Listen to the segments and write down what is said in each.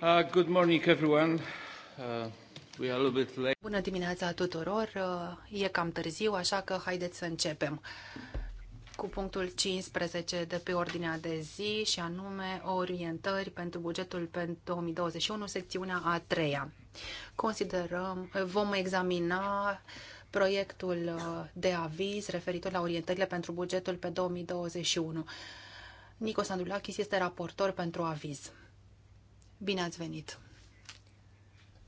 Uh, good morning, everyone. Uh, Bună dimineața tuturor. Uh, e cam târziu, așa că haideți să începem cu punctul 15 de pe ordinea de zi și anume orientări pentru bugetul pentru 2021, secțiunea a treia. Considerăm, vom examina proiectul uh, de aviz referitor la orientările pentru bugetul pe 2021. Nico Sandulakis este raportor pentru aviz. Bine ați venit!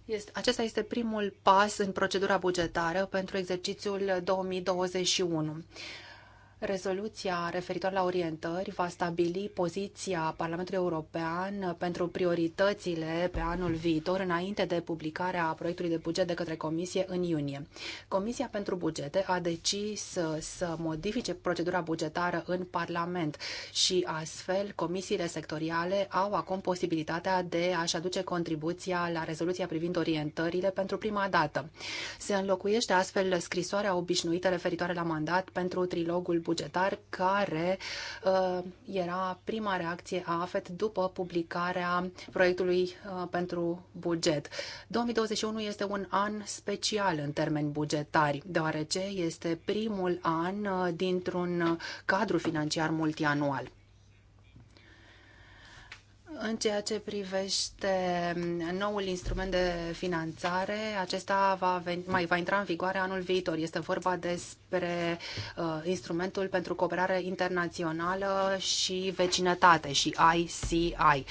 Este, acesta este primul pas în procedura bugetară pentru exercițiul 2021. Rezoluția referitoare la orientări va stabili poziția Parlamentului European pentru prioritățile pe anul viitor înainte de publicarea proiectului de buget de către Comisie în iunie. Comisia pentru bugete a decis să, să modifice procedura bugetară în Parlament și astfel comisiile sectoriale au acum posibilitatea de a-și aduce contribuția la rezoluția privind orientările pentru prima dată. Se înlocuiește astfel scrisoarea obișnuită referitoare la mandat pentru trilogul bugetar, care uh, era prima reacție a AFET după publicarea proiectului uh, pentru buget. 2021 este un an special în termeni bugetari, deoarece este primul an uh, dintr-un uh, cadru financiar multianual. În ceea ce privește noul instrument de finanțare, acesta va veni, mai va intra în vigoare anul viitor. Este vorba despre uh, instrumentul pentru cooperare internațională și vecinătate și ICI.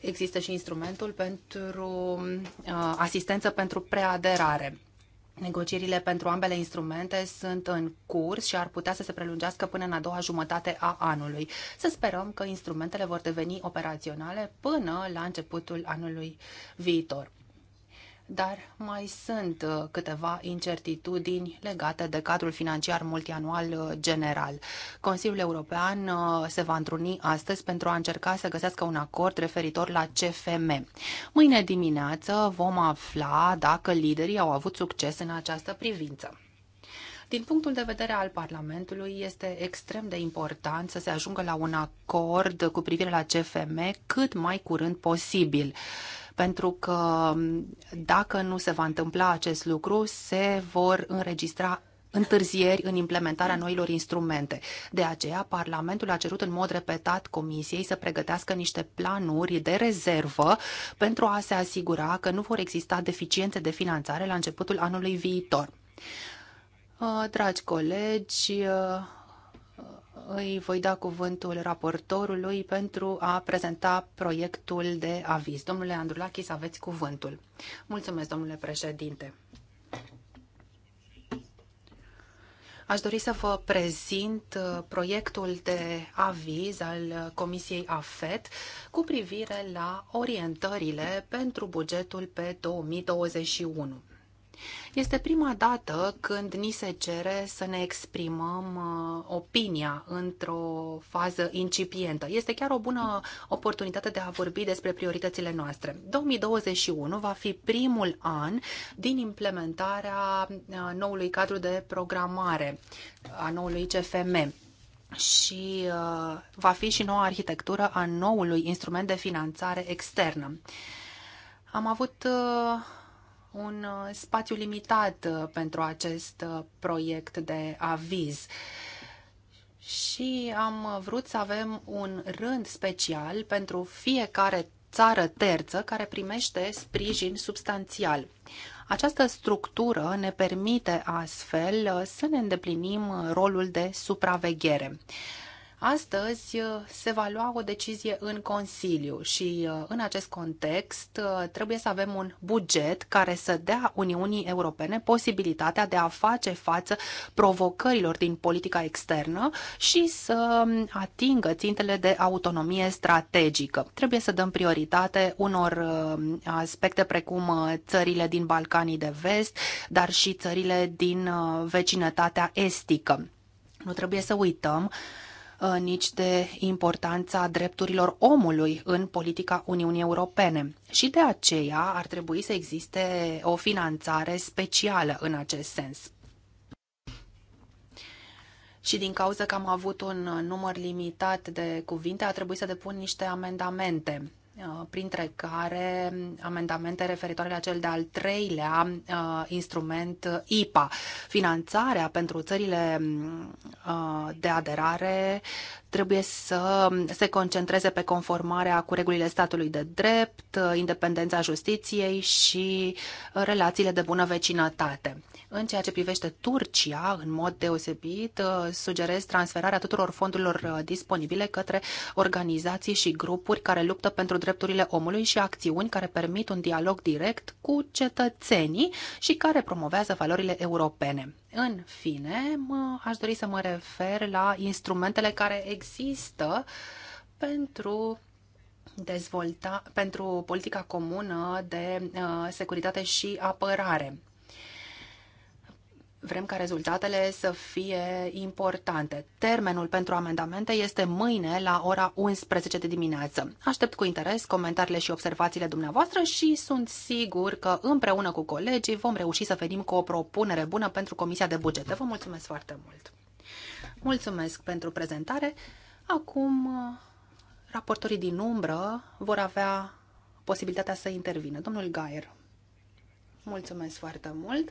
Există și instrumentul pentru uh, asistență pentru preaderare. Negocierile pentru ambele instrumente sunt în curs și ar putea să se prelungească până în a doua jumătate a anului. Să sperăm că instrumentele vor deveni operaționale până la începutul anului viitor dar mai sunt uh, câteva incertitudini legate de cadrul financiar multianual uh, general. Consiliul European uh, se va întruni astăzi pentru a încerca să găsească un acord referitor la CFM. Mâine dimineață vom afla dacă liderii au avut succes în această privință. Din punctul de vedere al Parlamentului, este extrem de important să se ajungă la un acord cu privire la CFM cât mai curând posibil pentru că dacă nu se va întâmpla acest lucru, se vor înregistra întârzieri în implementarea noilor instrumente. De aceea, Parlamentul a cerut în mod repetat Comisiei să pregătească niște planuri de rezervă pentru a se asigura că nu vor exista deficiențe de finanțare la începutul anului viitor. Uh, dragi colegi, uh, îi voi da cuvântul raportorului pentru a prezenta proiectul de aviz. Domnule Andrulachis, aveți cuvântul. Mulțumesc, domnule președinte. Aș dori să vă prezint proiectul de aviz al Comisiei AFET cu privire la orientările pentru bugetul pe 2021. Este prima dată când ni se cere să ne exprimăm uh, opinia într-o fază incipientă. Este chiar o bună oportunitate de a vorbi despre prioritățile noastre. 2021 va fi primul an din implementarea uh, noului cadru de programare uh, a noului CFM și uh, va fi și noua arhitectură a noului instrument de finanțare externă. Am avut uh, un uh, spațiu limitat uh, pentru acest uh, proiect de aviz și am vrut să avem un rând special pentru fiecare țară terță care primește sprijin substanțial. Această structură ne permite astfel să ne îndeplinim rolul de supraveghere. Astăzi uh, se va lua o decizie în Consiliu și uh, în acest context uh, trebuie să avem un buget care să dea Uniunii Europene posibilitatea de a face față provocărilor din politica externă și să um, atingă țintele de autonomie strategică. Trebuie să dăm prioritate unor um, aspecte precum țările din Balcanii de Vest, dar și țările din vecinătatea estică. Nu trebuie să uităm Uh, nici de importanța drepturilor omului în politica Uniunii Europene. Și de aceea ar trebui să existe o finanțare specială în acest sens. Și din cauza că am avut un număr limitat de cuvinte, a trebuit să depun niște amendamente Uh, printre care amendamente referitoare la cel de-al treilea uh, instrument uh, IPA, finanțarea pentru țările mm, de aderare trebuie să se concentreze pe conformarea cu regulile statului de drept, independența justiției și relațiile de bună vecinătate. În ceea ce privește Turcia, în mod deosebit, sugerez transferarea tuturor fondurilor disponibile către organizații și grupuri care luptă pentru drepturile omului și acțiuni care permit un dialog direct cu cetățenii și care promovează valorile europene. În fine, aș dori să mă refer la instrumentele care există pentru dezvolta pentru politica comună de uh, securitate și apărare vrem ca rezultatele să fie importante. Termenul pentru amendamente este mâine la ora 11 de dimineață. Aștept cu interes comentariile și observațiile dumneavoastră și sunt sigur că împreună cu colegii vom reuși să venim cu o propunere bună pentru Comisia de Bugete. Vă mulțumesc foarte mult! Mulțumesc pentru prezentare. Acum raportorii din umbră vor avea posibilitatea să intervină. Domnul Gaier, mulțumesc foarte mult!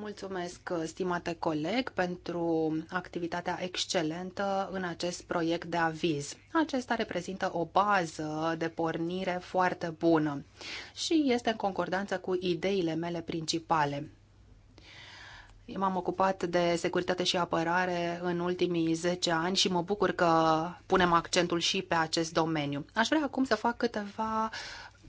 Mulțumesc, uh, stimate coleg, pentru activitatea excelentă în acest proiect de aviz. Acesta reprezintă o bază de pornire foarte bună și este în concordanță cu ideile mele principale. M-am ocupat de securitate și apărare în ultimii 10 ani și mă bucur că punem accentul și pe acest domeniu. Aș vrea acum să fac câteva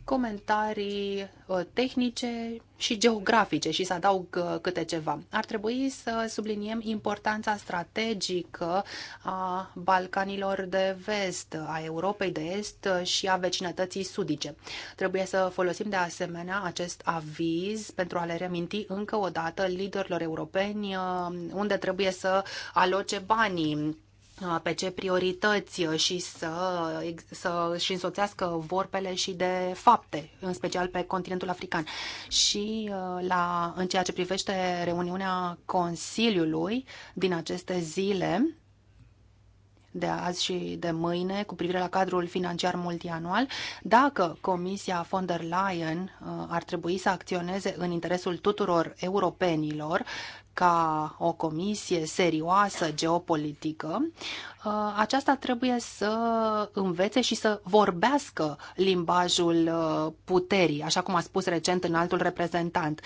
comentarii uh, tehnice și geografice și să adaug uh, câte ceva. Ar trebui să subliniem importanța strategică a Balcanilor de vest, a Europei de est și a vecinătății sudice. Trebuie să folosim de asemenea acest aviz pentru a le reminti încă o dată liderilor europeni uh, unde trebuie să aloce banii Ah, pe ce priorități și să, să și însoțească vorbele și de fapte, în special pe continentul african. Și uh, la, în ceea ce privește reuniunea Consiliului din aceste zile, de azi și de mâine cu privire la cadrul financiar multianual, dacă Comisia von der Leyen uh, ar trebui să acționeze în interesul tuturor europenilor, ca o comisie serioasă geopolitică, uh, aceasta trebuie să învețe și să vorbească limbajul uh, puterii, așa cum a spus recent în altul reprezentant.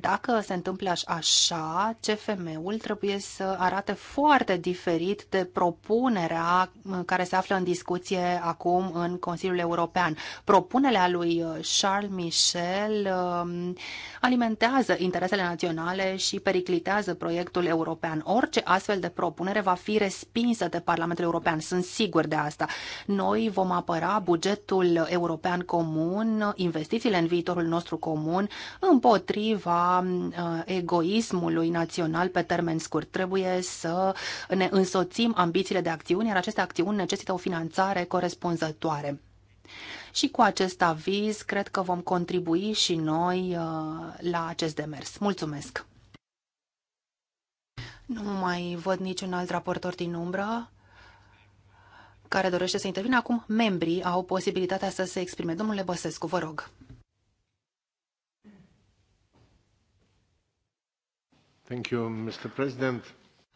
Dacă se întâmplă așa, CFM-ul trebuie să arate foarte diferit de propunerea care se află în discuție acum în Consiliul European. Propunerea lui uh, Charles Michel um, alimentează interesele naționale și periclitează proiectul european. Orice astfel de propunere va fi respinsă de Parlamentul European, sunt sigur de asta. Noi vom apăra bugetul european comun, investițiile în viitorul nostru comun împotriva Uh, egoismului național pe termen scurt. Trebuie să ne însoțim ambițiile de acțiuni, iar aceste acțiuni necesită o finanțare corespunzătoare. Și cu acest aviz, cred că vom contribui și noi uh, la acest demers. Mulțumesc! Nu mai văd niciun alt raportor din umbră care dorește să intervină. Acum membrii au posibilitatea să se exprime. Domnule Băsescu, vă rog.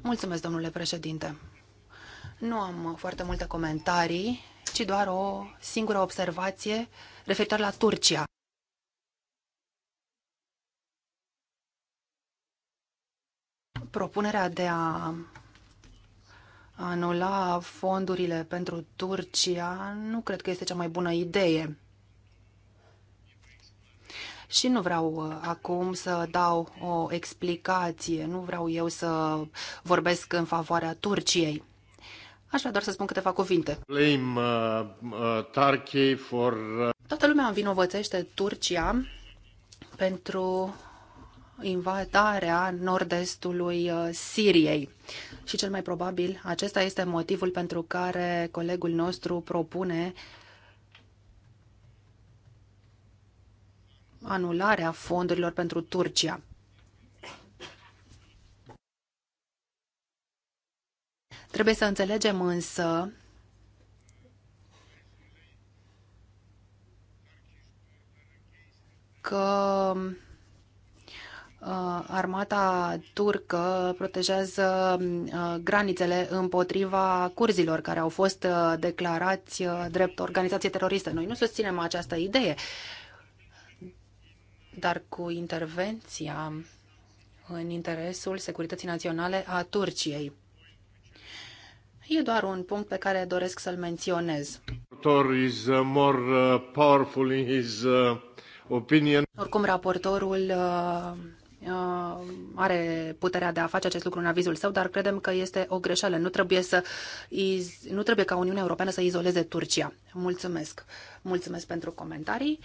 Mulțumesc, domnule președinte. Nu am foarte multe comentarii, ci doar o singură observație referitor la Turcia. Propunerea de a anula fondurile pentru Turcia nu cred că este cea mai bună idee și nu vreau uh, acum să dau o explicație, nu vreau eu să vorbesc în favoarea Turciei. Aș vrea doar să spun câteva cuvinte. Blame, uh, uh, for, uh... Toată lumea învinovățește Turcia pentru invadarea nord-estului uh, Siriei. Și cel mai probabil acesta este motivul pentru care colegul nostru propune anularea fondurilor pentru Turcia. Trebuie să înțelegem însă că uh, armata turcă protejează uh, granițele împotriva curzilor care au fost uh, declarați drept organizație teroristă. Noi nu susținem această idee dar cu intervenția în interesul securității naționale a Turciei. E doar un punct pe care doresc să-l menționez. Is uh, more uh, powerful in his uh, opinion. Oricum, raportorul are puterea de a face acest lucru în avizul său, dar credem că este o greșeală. Nu trebuie, să iz... nu trebuie ca Uniunea Europeană să izoleze Turcia. Mulțumesc. Mulțumesc pentru comentarii.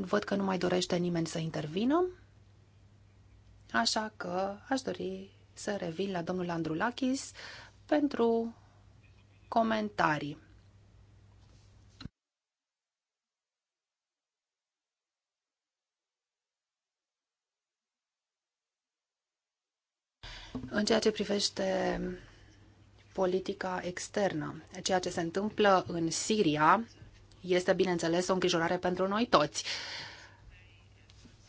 Văd că nu mai dorește nimeni să intervină, așa că aș dori să revin la domnul Andrulakis pentru comentarii. În ceea ce privește politica externă, ceea ce se întâmplă în Siria este, bineînțeles, o îngrijorare pentru noi toți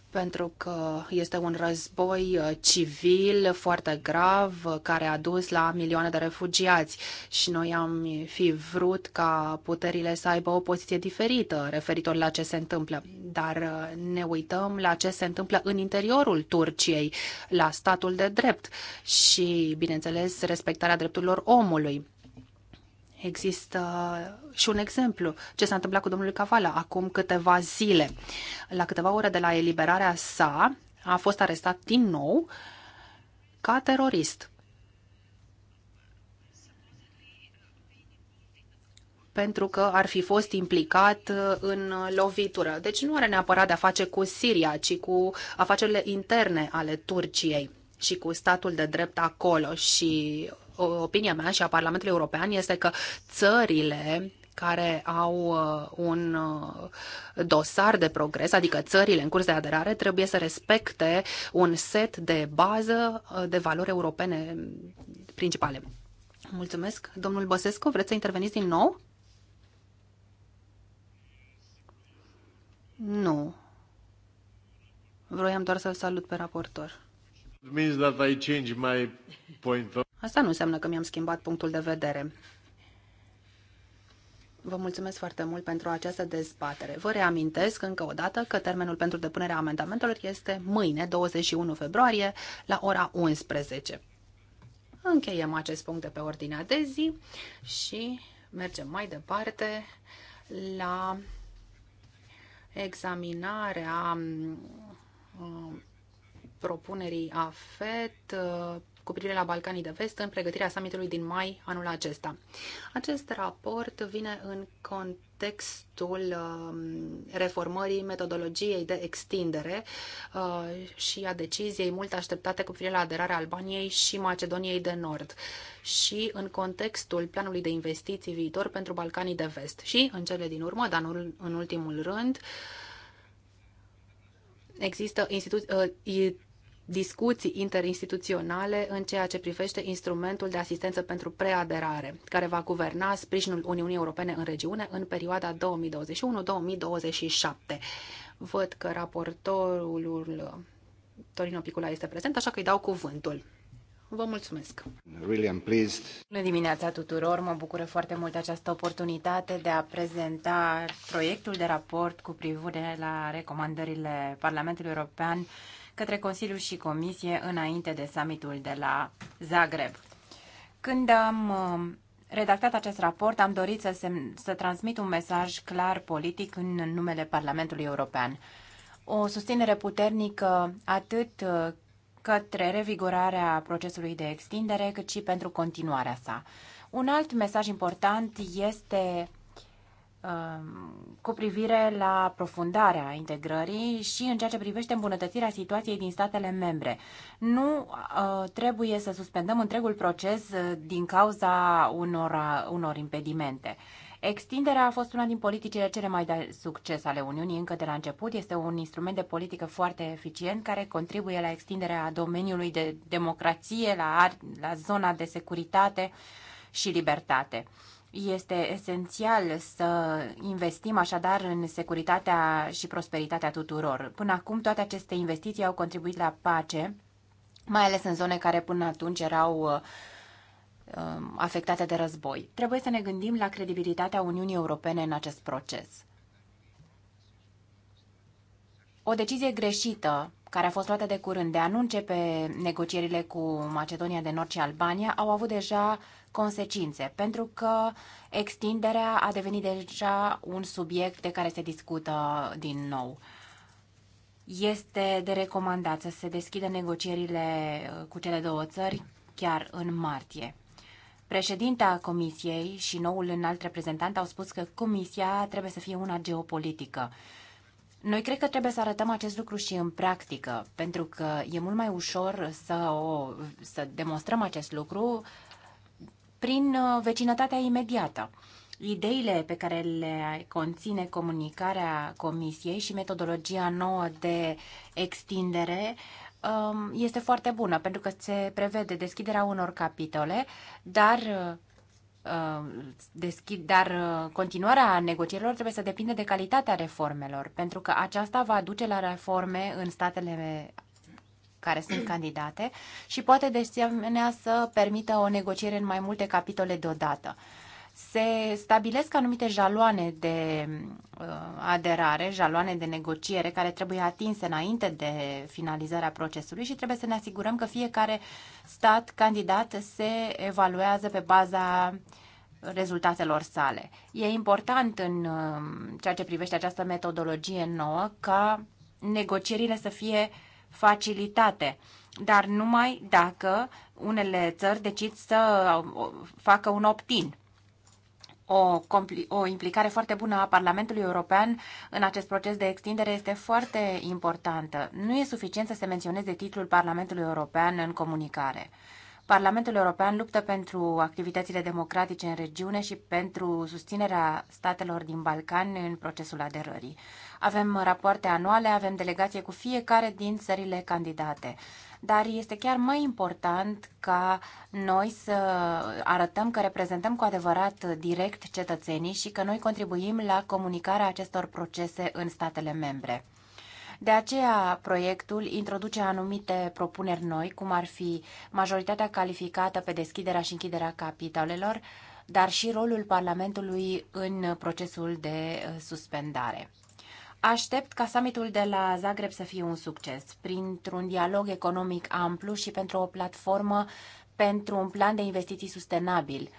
pentru că este un război uh, civil foarte grav uh, care a dus la milioane de refugiați și noi am fi vrut ca puterile să aibă o poziție diferită referitor la ce se întâmplă. Dar uh, ne uităm la ce se întâmplă în interiorul Turciei, la statul de drept și, bineînțeles, respectarea drepturilor omului. Există și un exemplu, ce s-a întâmplat cu domnul Cavala acum câteva zile. La câteva ore de la eliberarea sa, a fost arestat din nou ca terorist. pentru că ar fi fost implicat în lovitură. Deci nu are neapărat de a face cu Siria, ci cu afacerile interne ale Turciei și cu statul de drept acolo și opinia mea și a Parlamentului European este că țările care au uh, un uh, dosar de progres, adică țările în curs de aderare, trebuie să respecte un set de bază uh, de valori europene principale. Mulțumesc. Domnul Băsescu, vreți să interveniți din nou? Nu. Vroiam doar să salut pe raportor. Asta nu înseamnă că mi-am schimbat punctul de vedere. Vă mulțumesc foarte mult pentru această dezbatere. Vă reamintesc încă o dată că termenul pentru depunerea amendamentelor este mâine, 21 februarie, la ora 11. Încheiem acest punct de pe ordinea de zi și mergem mai departe la examinarea um, propunerii AFET uh, cu privire la Balcanii de Vest în pregătirea summitului din mai anul acesta. Acest raport vine în contextul um, reformării metodologiei de extindere uh, și a deciziei mult așteptate cu privire la aderarea Albaniei și Macedoniei de Nord și în contextul planului de investiții viitor pentru Balcanii de Vest și, în cele din urmă, dar în ultimul rând, există instituții uh, discuții interinstituționale în ceea ce privește instrumentul de asistență pentru preaderare, care va guverna sprijinul Uniunii Europene în regiune în perioada 2021-2027. Văd că raportorul Torino Picula este prezent, așa că îi dau cuvântul. Vă mulțumesc! Really pleased. Bună dimineața tuturor! Mă bucură foarte mult această oportunitate de a prezenta proiectul de raport cu privire la recomandările Parlamentului European către Consiliu și Comisie înainte de summitul de la Zagreb. Când am um, redactat acest raport, am dorit să, semn, să transmit un mesaj clar politic în numele Parlamentului European. O susținere puternică atât uh, către revigorarea procesului de extindere, cât și pentru continuarea sa. Un alt mesaj important este Um, cu privire la profundarea integrării și în ceea ce privește îmbunătățirea situației din statele membre. Nu uh, trebuie să suspendăm întregul proces uh, din cauza unor, unor impedimente. Extinderea a fost una din politicile cele mai de succes ale Uniunii încă de la început. Este un instrument de politică foarte eficient care contribuie la extinderea domeniului de democrație, la, la zona de securitate și libertate. Este esențial să investim așadar în securitatea și prosperitatea tuturor. Până acum toate aceste investiții au contribuit la pace, mai ales în zone care până atunci erau uh, um, afectate de război. Trebuie să ne gândim la credibilitatea Uniunii Europene în acest proces. O decizie greșită care a fost luată de curând de a nu începe negocierile cu Macedonia de Nord și Albania au avut deja consecințe, pentru că extinderea a devenit deja un subiect de care se discută din nou. Este de recomandat să se deschidă negocierile uh, cu cele două țări chiar în martie. Președinta Comisiei și noul înalt reprezentant au spus că Comisia trebuie să fie una geopolitică. Noi cred că trebuie să arătăm acest lucru și în practică, pentru că e mult mai ușor să, o, să demonstrăm acest lucru prin uh, vecinătatea imediată. Ideile pe care le conține comunicarea Comisiei și metodologia nouă de extindere um, este foarte bună pentru că se prevede deschiderea unor capitole, dar uh, deschid, dar uh, continuarea negocierilor trebuie să depinde de calitatea reformelor, pentru că aceasta va duce la reforme în statele care sunt candidate și poate de asemenea să permită o negociere în mai multe capitole deodată. Se stabilesc anumite jaloane de uh, aderare, jaloane de negociere care trebuie atinse înainte de finalizarea procesului și trebuie să ne asigurăm că fiecare stat candidat se evaluează pe baza rezultatelor sale. E important în uh, ceea ce privește această metodologie nouă ca negocierile să fie facilitate, dar numai dacă unele țări decid să facă un opt-in o, o implicare foarte bună a Parlamentului European în acest proces de extindere este foarte importantă. Nu e suficient să se menționeze titlul Parlamentului European în comunicare. Parlamentul European luptă pentru activitățile democratice în regiune și pentru susținerea statelor din Balcani în procesul aderării. Avem rapoarte anuale, avem delegație cu fiecare din țările candidate. Dar este chiar mai important ca noi să arătăm că reprezentăm cu adevărat direct cetățenii și că noi contribuim la comunicarea acestor procese în statele membre. De aceea, proiectul introduce anumite propuneri noi, cum ar fi majoritatea calificată pe deschiderea și închiderea capitalelor, dar și rolul Parlamentului în procesul de uh, suspendare. Aștept ca summitul de la Zagreb să fie un succes, printr-un dialog economic amplu și pentru o platformă pentru un plan de investiții sustenabil.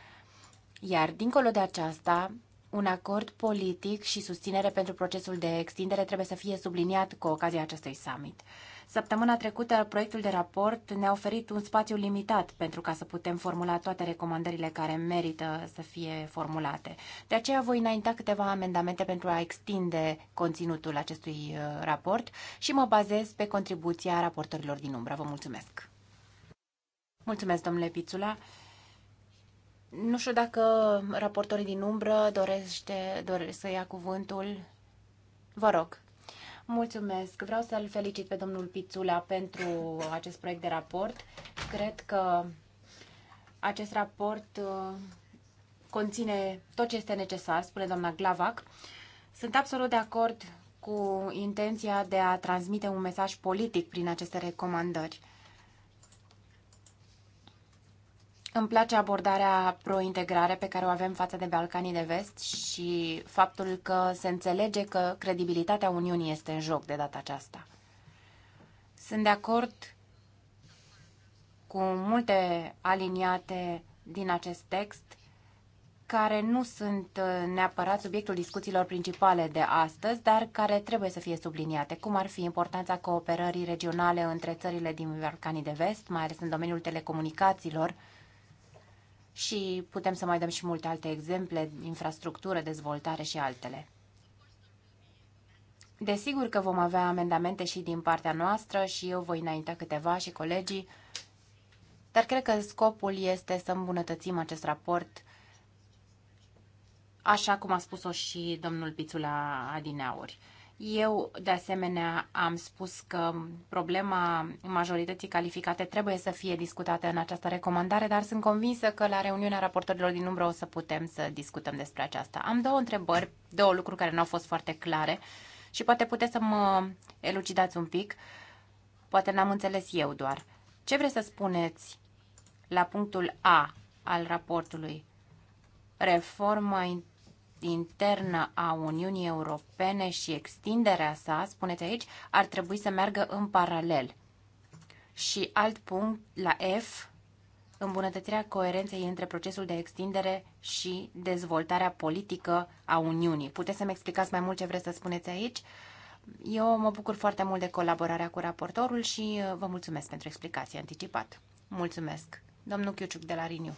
Iar dincolo de aceasta, un acord politic și susținere pentru procesul de extindere trebuie să fie subliniat cu ocazia acestui summit. Săptămâna trecută, proiectul de raport ne-a oferit un spațiu limitat pentru ca să putem formula toate recomandările care merită să fie formulate. De aceea voi înainta câteva amendamente pentru a extinde conținutul acestui uh, raport și mă bazez pe contribuția raportorilor din umbră. Vă mulțumesc! Mulțumesc, domnule Pițula! Nu știu dacă raportorii din umbră dorește, doresc să ia cuvântul. Vă rog. Mulțumesc. Vreau să-l felicit pe domnul Pițula pentru acest proiect de raport. Cred că acest raport uh, conține tot ce este necesar, spune doamna Glavac. Sunt absolut de acord cu intenția de a transmite un mesaj politic prin aceste recomandări. Îmi place abordarea pro-integrare pe care o avem față de Balcanii de Vest și faptul că se înțelege că credibilitatea Uniunii este în joc de data aceasta. Sunt de acord cu multe aliniate din acest text care nu sunt neapărat subiectul discuțiilor principale de astăzi, dar care trebuie să fie subliniate, cum ar fi importanța cooperării regionale între țările din Balcanii de Vest, mai ales în domeniul telecomunicațiilor, și putem să mai dăm și multe alte exemple, infrastructură, dezvoltare și altele. Desigur că vom avea amendamente și din partea noastră și eu voi înainta câteva și colegii, dar cred că scopul este să îmbunătățim acest raport așa cum a spus-o și domnul Pițula Adineauri. Eu, de asemenea, am spus că problema majorității calificate trebuie să fie discutată în această recomandare, dar sunt convinsă că la reuniunea raportorilor din umbră o să putem să discutăm despre aceasta. Am două întrebări, două lucruri care nu au fost foarte clare și poate puteți să mă elucidați un pic. Poate n-am înțeles eu doar. Ce vreți să spuneți la punctul A al raportului? Reforma internă a Uniunii Europene și extinderea sa, spuneți aici, ar trebui să meargă în paralel. Și alt punct, la F, îmbunătățirea coerenței între procesul de extindere și dezvoltarea politică a Uniunii. Puteți să-mi explicați mai mult ce vreți să spuneți aici? Eu mă bucur foarte mult de colaborarea cu raportorul și uh, vă mulțumesc pentru explicație anticipat. Mulțumesc. Domnul Chiuciuc de la Riniu.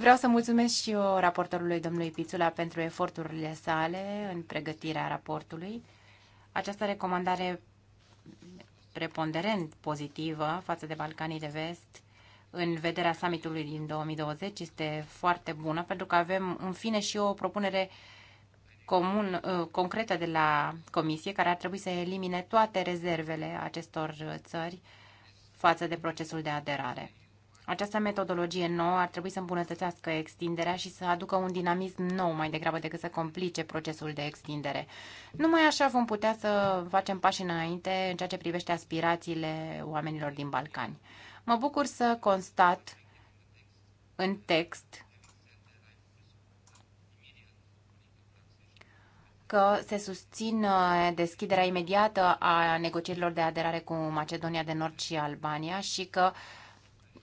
Vreau să mulțumesc și eu raportorului domnului Pițula pentru eforturile sale în pregătirea raportului. Această recomandare preponderent pozitivă față de Balcanii de Vest în vederea summitului din 2020 este foarte bună pentru că avem în fine și o propunere comun, uh, concretă de la Comisie care ar trebui să elimine toate rezervele acestor țări față de procesul de aderare. Această metodologie nouă ar trebui să îmbunătățească extinderea și să aducă un dinamism nou mai degrabă decât să complice procesul de extindere. Numai așa vom putea să facem pași înainte în ceea ce privește aspirațiile oamenilor din Balcani. Mă bucur să constat în text că se susțin uh, deschiderea imediată a negocierilor de aderare cu Macedonia de Nord și Albania și că uh,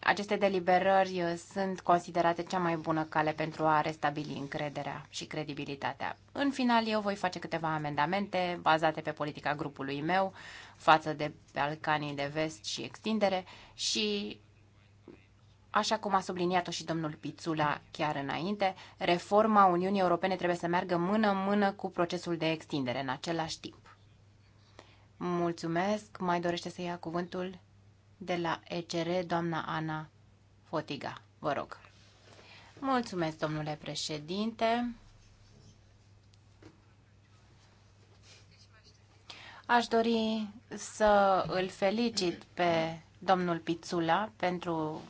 aceste deliberări uh, sunt considerate cea mai bună cale pentru a restabili încrederea și credibilitatea. În final, eu voi face câteva amendamente bazate pe politica grupului meu față de Balcanii de Vest și extindere și Așa cum a subliniat-o și domnul Pițula chiar înainte, reforma Uniunii Europene trebuie să meargă mână-mână cu procesul de extindere în același timp. Mulțumesc. Mai dorește să ia cuvântul de la ECR, doamna Ana Fotiga. Vă rog. Mulțumesc, domnule președinte. Aș dori să îl felicit pe domnul Pițula pentru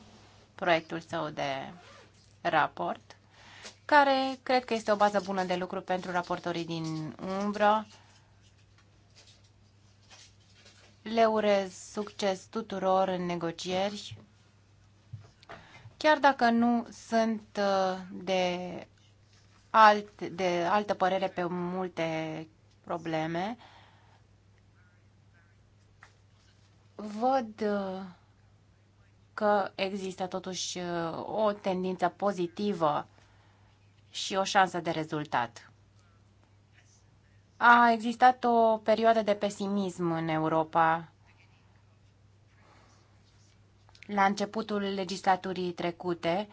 proiectul său de raport, care cred că este o bază bună de lucru pentru raportorii din umbră le urez succes tuturor în negocieri, chiar dacă nu sunt uh, de, alt, de altă părere pe multe probleme. Văd uh, că există totuși uh, o tendință pozitivă și o șansă de rezultat a existat o perioadă de pesimism în Europa la începutul legislaturii trecute,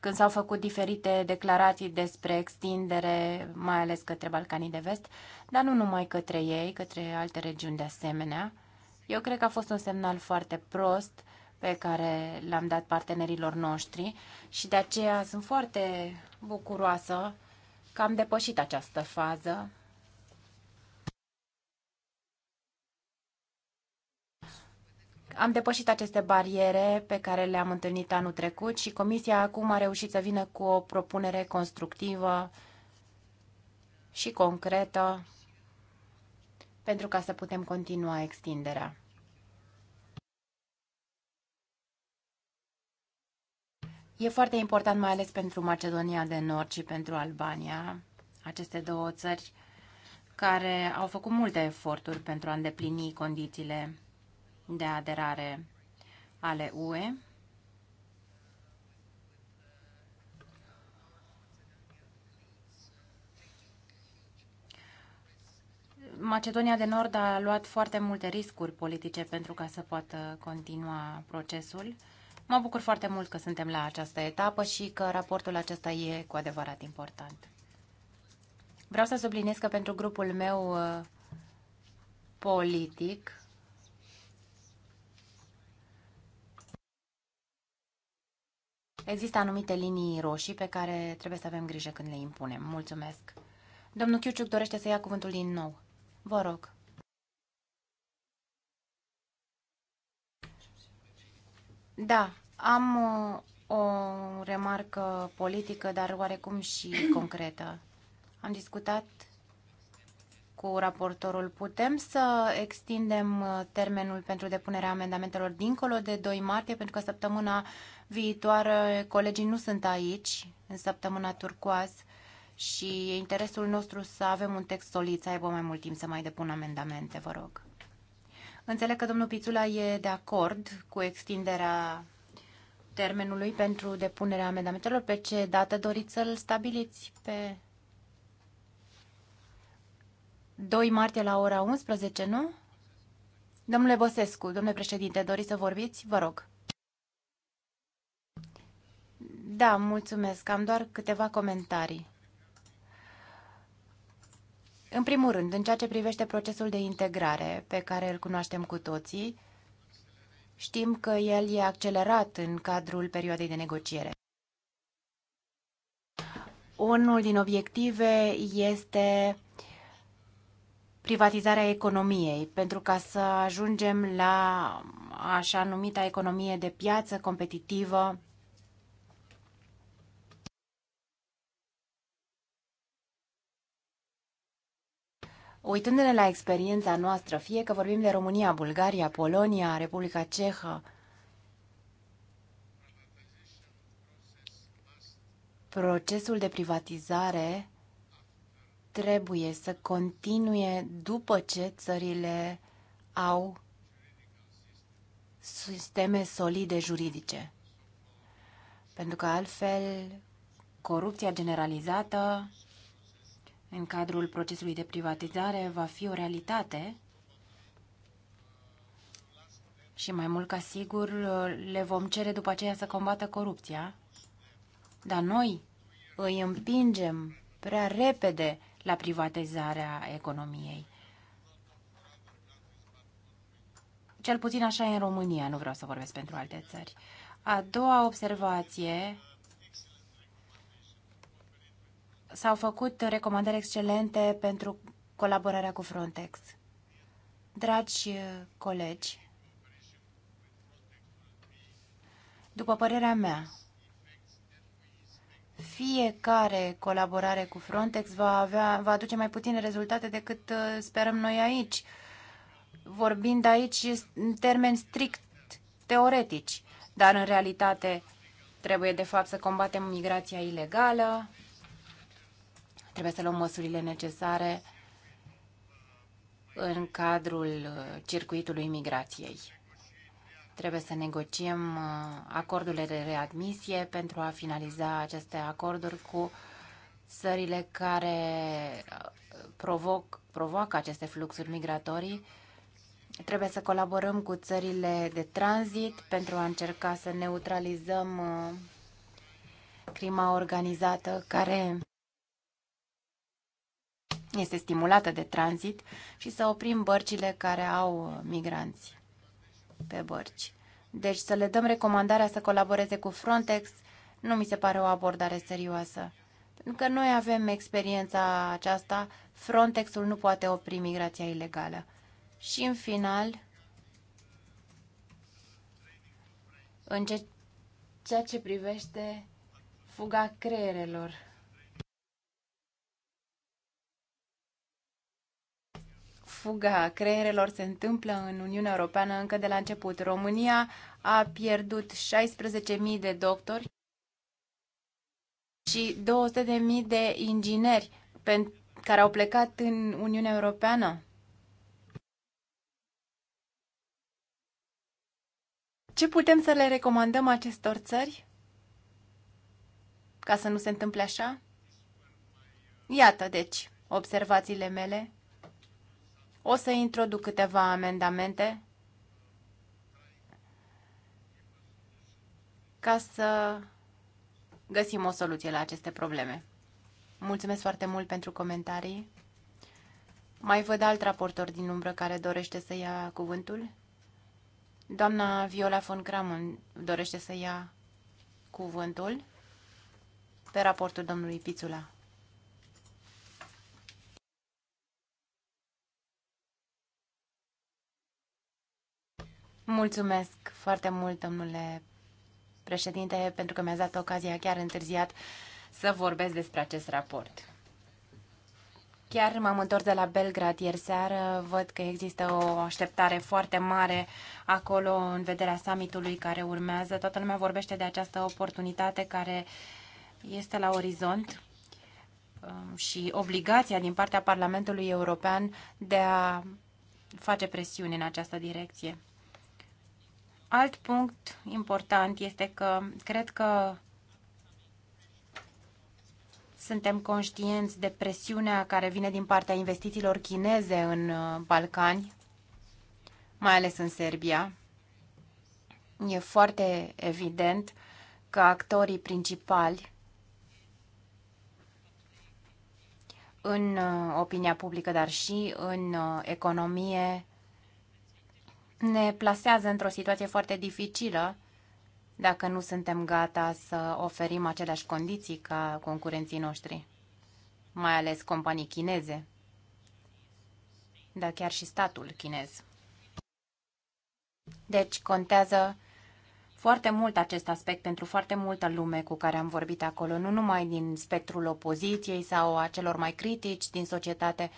când s-au făcut diferite declarații despre extindere, mai ales către Balcanii de Vest, dar nu numai către ei, către alte regiuni de asemenea. Eu cred că a fost un semnal foarte prost pe care l-am dat partenerilor noștri și de aceea sunt foarte bucuroasă că am depășit această fază Am depășit aceste bariere pe care le-am întâlnit anul trecut și Comisia acum a reușit să vină cu o propunere constructivă și concretă pentru ca să putem continua extinderea. E foarte important, mai ales pentru Macedonia de Nord și pentru Albania, aceste două țări care au făcut multe eforturi pentru a îndeplini condițiile de aderare ale UE. Macedonia de Nord a luat foarte multe riscuri politice pentru ca să poată continua procesul. Mă bucur foarte mult că suntem la această etapă și că raportul acesta e cu adevărat important. Vreau să subliniez că pentru grupul meu uh, politic Există anumite linii roșii pe care trebuie să avem grijă când le impunem. Mulțumesc. Domnul Chiuciuc dorește să ia cuvântul din nou. Vă rog. Da, am o, uh, o remarcă politică, dar oarecum și concretă. Am discutat cu raportorul. Putem să extindem uh, termenul pentru depunerea amendamentelor dincolo de 2 martie, pentru că săptămâna viitoare colegii nu sunt aici, în săptămâna turcoaz, și e interesul nostru să avem un text solid, să aibă mai mult timp să mai depun amendamente, vă rog. Înțeleg că domnul Pițula e de acord cu extinderea termenului pentru depunerea amendamentelor. Pe ce dată doriți să-l stabiliți? Pe 2 martie la ora 11, nu? Domnule Băsescu, domnule președinte, doriți să vorbiți? Vă rog. Da, mulțumesc. Am doar câteva comentarii. În primul rând, în ceea ce privește procesul de integrare pe care îl cunoaștem cu toții, știm că el e accelerat în cadrul perioadei de negociere. Unul din obiective este privatizarea economiei, pentru ca să ajungem la așa numita economie de piață competitivă, Uitându-ne la experiența noastră, fie că vorbim de România, Bulgaria, Polonia, Republica Cehă, procesul de privatizare trebuie să continue după ce țările au sisteme solide juridice. Pentru că altfel corupția generalizată în cadrul procesului de privatizare va fi o realitate și mai mult ca sigur le vom cere după aceea să combată corupția, dar noi îi împingem prea repede la privatizarea economiei. Cel puțin așa e în România, nu vreau să vorbesc pentru alte țări. A doua observație s-au făcut recomandări excelente pentru colaborarea cu Frontex. Dragi colegi, după părerea mea, fiecare colaborare cu Frontex va, avea, va aduce mai puține rezultate decât uh, sperăm noi aici, vorbind aici în termeni strict teoretici, dar în realitate trebuie de fapt să combatem migrația ilegală, trebuie să luăm măsurile necesare în cadrul uh, circuitului migrației. Trebuie să negociem uh, acordurile de readmisie pentru a finaliza aceste acorduri cu țările care uh, provoc, provoacă aceste fluxuri migratorii. Trebuie să colaborăm cu țările de tranzit pentru a încerca să neutralizăm uh, crima organizată care este stimulată de tranzit și să oprim bărcile care au migranți pe bărci. Deci să le dăm recomandarea să colaboreze cu Frontex nu mi se pare o abordare serioasă. Pentru că noi avem experiența aceasta, Frontexul nu poate opri migrația ilegală. Și în final, în ceea ce privește fuga creierelor. fuga creierelor se întâmplă în Uniunea Europeană încă de la început. România a pierdut 16.000 de doctori și 200.000 de ingineri care au plecat în Uniunea Europeană. Ce putem să le recomandăm acestor țări? Ca să nu se întâmple așa? Iată, deci, observațiile mele o să introduc câteva amendamente ca să găsim o soluție la aceste probleme. Mulțumesc foarte mult pentru comentarii. Mai văd alt raportor din umbră care dorește să ia cuvântul? Doamna Viola von Cramon dorește să ia cuvântul pe raportul domnului Pițula. Mulțumesc foarte mult, domnule președinte, pentru că mi-ați dat ocazia chiar întârziat să vorbesc despre acest raport. Chiar m-am întors de la Belgrad ieri seară, văd că există o așteptare foarte mare acolo în vederea summitului care urmează. Toată lumea vorbește de această oportunitate care este la orizont um, și obligația din partea Parlamentului European de a face presiune în această direcție alt punct important este că cred că suntem conștienți de presiunea care vine din partea investițiilor chineze în uh, Balcani, mai ales în Serbia. E foarte evident că actorii principali în uh, opinia publică, dar și în uh, economie, ne plasează într-o situație foarte dificilă dacă nu suntem gata să oferim aceleași condiții ca concurenții noștri, mai ales companii chineze, dar chiar și statul chinez. Deci contează foarte mult acest aspect pentru foarte multă lume cu care am vorbit acolo, nu numai din spectrul opoziției sau a celor mai critici din societate,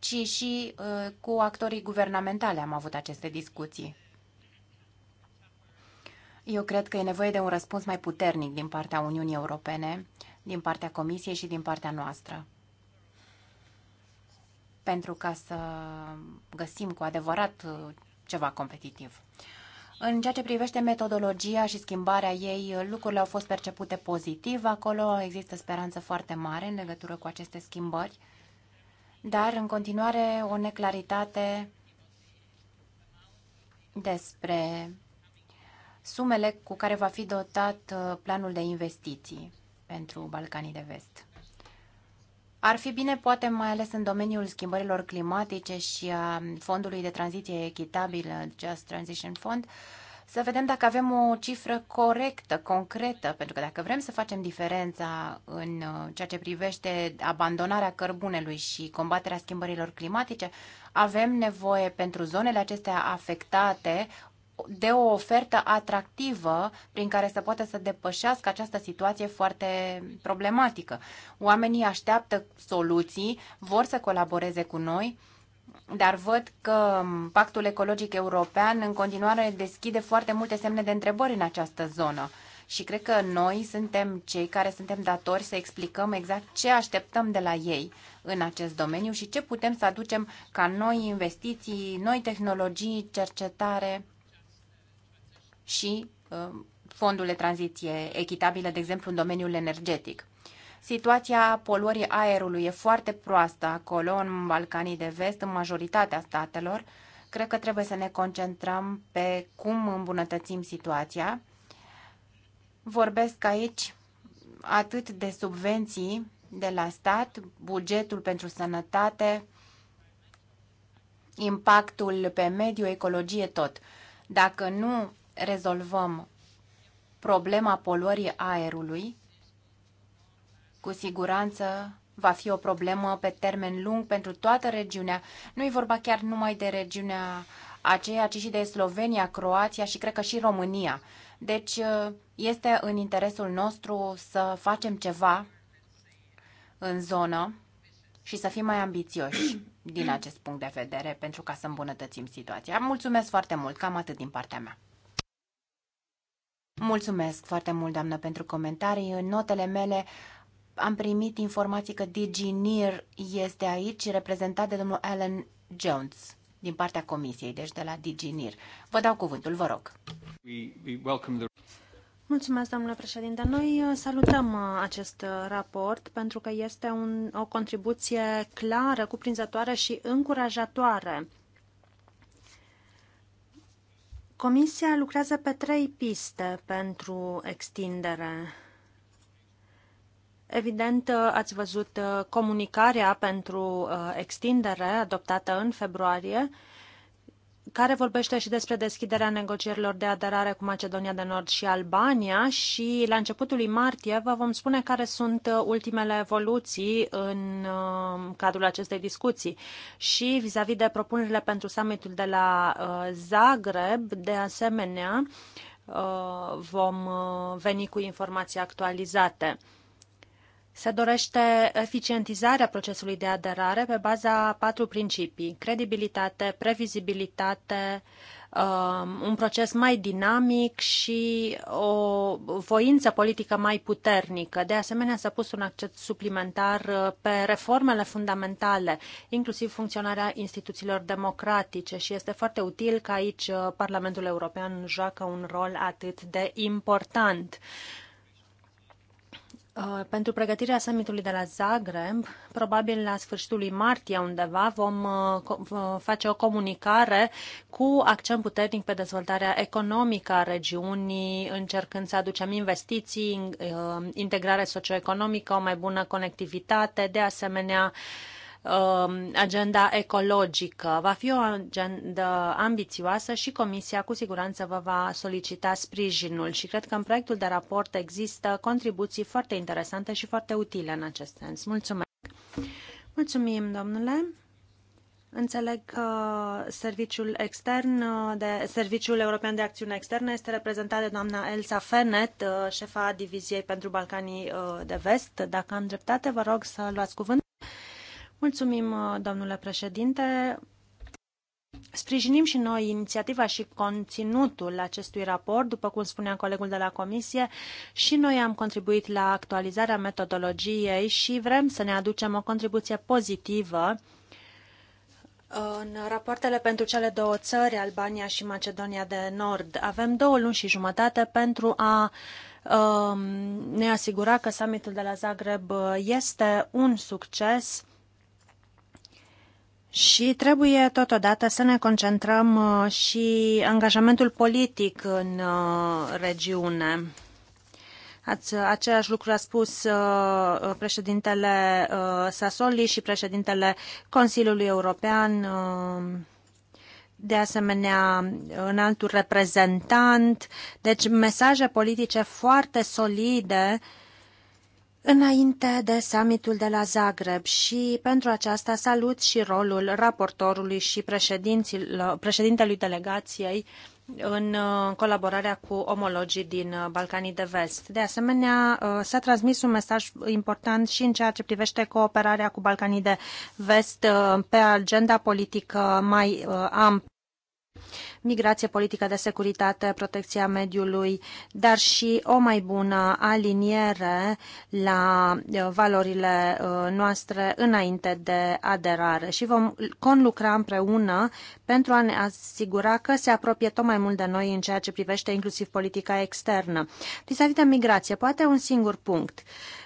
ci și uh, cu actorii guvernamentale am avut aceste discuții. Eu cred că e nevoie de un răspuns mai puternic din partea Uniunii Europene, din partea Comisiei și din partea noastră. Pentru ca să găsim cu adevărat uh, ceva competitiv. În ceea ce privește metodologia și schimbarea ei, uh, lucrurile au fost percepute pozitiv. Acolo există speranță foarte mare în legătură cu aceste schimbări dar în continuare o neclaritate despre sumele cu care va fi dotat uh, planul de investiții pentru Balcanii de Vest. Ar fi bine, poate mai ales în domeniul schimbărilor climatice și a fondului de tranziție echitabilă, Just Transition Fund, să vedem dacă avem o cifră corectă, concretă, pentru că dacă vrem să facem diferența în uh, ceea ce privește abandonarea cărbunelui și combaterea schimbărilor climatice, avem nevoie pentru zonele acestea afectate de o ofertă atractivă prin care să poată să depășească această situație foarte problematică. Oamenii așteaptă soluții, vor să colaboreze cu noi dar văd că Pactul Ecologic European în continuare deschide foarte multe semne de întrebări în această zonă. Și cred că noi suntem cei care suntem datori să explicăm exact ce așteptăm de la ei în acest domeniu și ce putem să aducem ca noi investiții, noi tehnologii, cercetare și uh, fondul de tranziție echitabilă, de exemplu, în domeniul energetic. Situația poluării aerului e foarte proastă acolo, în Balcanii de Vest, în majoritatea statelor. Cred că trebuie să ne concentrăm pe cum îmbunătățim situația. Vorbesc aici atât de subvenții de la stat, bugetul pentru sănătate, impactul pe mediu, ecologie, tot. Dacă nu rezolvăm problema poluării aerului, cu siguranță va fi o problemă pe termen lung pentru toată regiunea. Nu e vorba chiar numai de regiunea aceea, ci și de Slovenia, Croația și cred că și România. Deci este în interesul nostru să facem ceva în zonă și să fim mai ambițioși din acest punct de vedere pentru ca să îmbunătățim situația. Mulțumesc foarte mult, cam atât din partea mea. Mulțumesc foarte mult, doamnă, pentru comentarii. În notele mele am primit informații că DigiNIR este aici, reprezentat de domnul Alan Jones din partea comisiei, deci de la DigiNIR. Vă dau cuvântul, vă rog. We, we the... Mulțumesc, domnule președinte. Noi uh, salutăm uh, acest uh, raport pentru că este un, o contribuție clară, cuprinzătoare și încurajatoare. Comisia lucrează pe trei piste pentru extindere Evident, uh, ați văzut uh, comunicarea pentru uh, extindere adoptată în februarie, care vorbește și despre deschiderea negocierilor de aderare cu Macedonia de Nord și Albania și la începutul lui martie vă vom spune care sunt ultimele evoluții în cadrul acestei discuții și vis-a-vis -vis de propunerile pentru summitul de la Zagreb, de asemenea, vom veni cu informații actualizate. Se dorește eficientizarea procesului de aderare pe baza patru principii. Credibilitate, previzibilitate, um, un proces mai dinamic și o voință politică mai puternică. De asemenea, s-a pus un accent suplimentar uh, pe reformele fundamentale, inclusiv funcționarea instituțiilor democratice și este foarte util că aici uh, Parlamentul European joacă un rol atât de important. Uh, pentru pregătirea summitului de la Zagreb, probabil la sfârșitul lui martie undeva, vom uh, uh, face o comunicare cu accent puternic pe dezvoltarea economică a regiunii, încercând să aducem investiții, integrare socioeconomică, o mai bună conectivitate, de asemenea Um, agenda ecologică. Va fi o agenda ambițioasă și Comisia cu siguranță vă va solicita sprijinul și cred că în proiectul de raport există contribuții foarte interesante și foarte utile în acest sens. Mulțumesc! Mulțumim, domnule! Înțeleg că serviciul extern, uh, de, Serviciul European de Acțiune Externă este reprezentat de doamna Elsa Fenet, uh, șefa Diviziei pentru Balcanii uh, de Vest. Dacă am dreptate, vă rog să luați cuvânt. Mulțumim, uh, domnule președinte. Sprijinim și noi inițiativa și conținutul acestui raport, după cum spunea colegul de la comisie, și noi am contribuit la actualizarea metodologiei și vrem să ne aducem o contribuție pozitivă în rapoartele pentru cele două țări, Albania și Macedonia de Nord, avem două luni și jumătate pentru a um, ne asigura că summitul de la Zagreb este un succes și trebuie totodată să ne concentrăm uh, și angajamentul politic în uh, regiune. Ați, același lucru a spus uh, uh, președintele uh, Sassoli și președintele Consiliului European, uh, de asemenea în altul reprezentant. Deci mesaje politice foarte solide uh, înainte de summitul de la Zagreb și pentru aceasta salut și rolul raportorului și președintelui delegației în uh, colaborarea cu omologii din uh, Balcanii de Vest. De asemenea, uh, s-a transmis un mesaj important și în ceea ce privește cooperarea cu Balcanii de Vest pe agenda politică mai amplă migrație, politică de securitate, protecția mediului, dar și o mai bună aliniere la uh, valorile uh, noastre înainte de aderare și vom conlucra împreună pentru a ne asigura că se apropie tot mai mult de noi în ceea ce privește inclusiv politica externă. Vis-a-vis de migrație, poate un singur punct.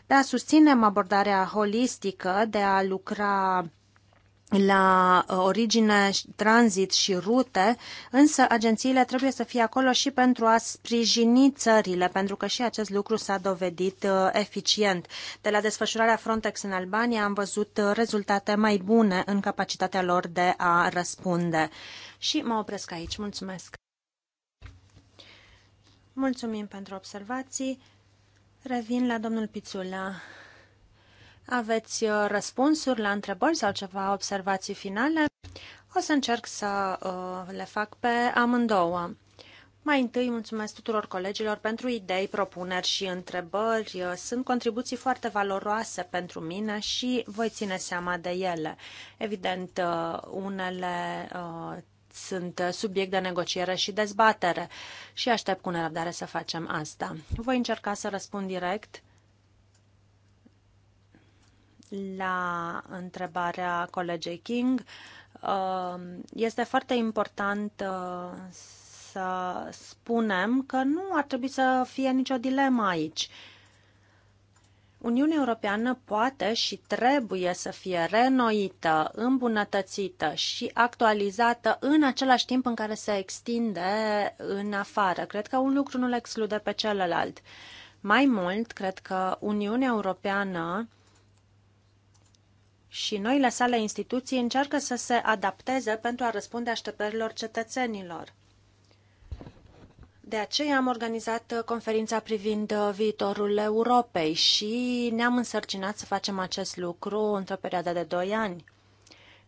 Da, susținem abordarea holistică de a lucra la uh, origine, tranzit și rute, însă agențiile trebuie să fie acolo și pentru a sprijini țările, pentru că și acest lucru s-a dovedit uh, eficient. De la desfășurarea Frontex în Albania am văzut uh, rezultate mai bune în capacitatea lor de a răspunde. Și mă opresc aici. Mulțumesc! Mulțumim pentru observații. Revin la domnul Pițula. Aveți uh, răspunsuri la întrebări sau ceva observații finale? O să încerc să uh, le fac pe amândouă. Mai întâi mulțumesc tuturor colegilor pentru idei, propuneri și întrebări. Uh, sunt contribuții foarte valoroase pentru mine și voi ține seama de ele. Evident, unele sunt subiect de negociere și dezbatere și aștept cu nerăbdare să facem asta. Voi încerca să răspund direct la întrebarea colegei King. Uh, este foarte important uh, să spunem că nu ar trebui să fie nicio dilemă aici. Uniunea Europeană poate și trebuie să fie renoită, îmbunătățită și actualizată în același timp în care se extinde în afară. Cred că un lucru nu le exclude pe celălalt. Mai mult, cred că Uniunea Europeană și noile sale instituții încearcă să se adapteze pentru a răspunde așteptărilor cetățenilor. De aceea am organizat uh, conferința privind uh, viitorul Europei și ne-am însărcinat să facem acest lucru într-o perioadă de 2 ani.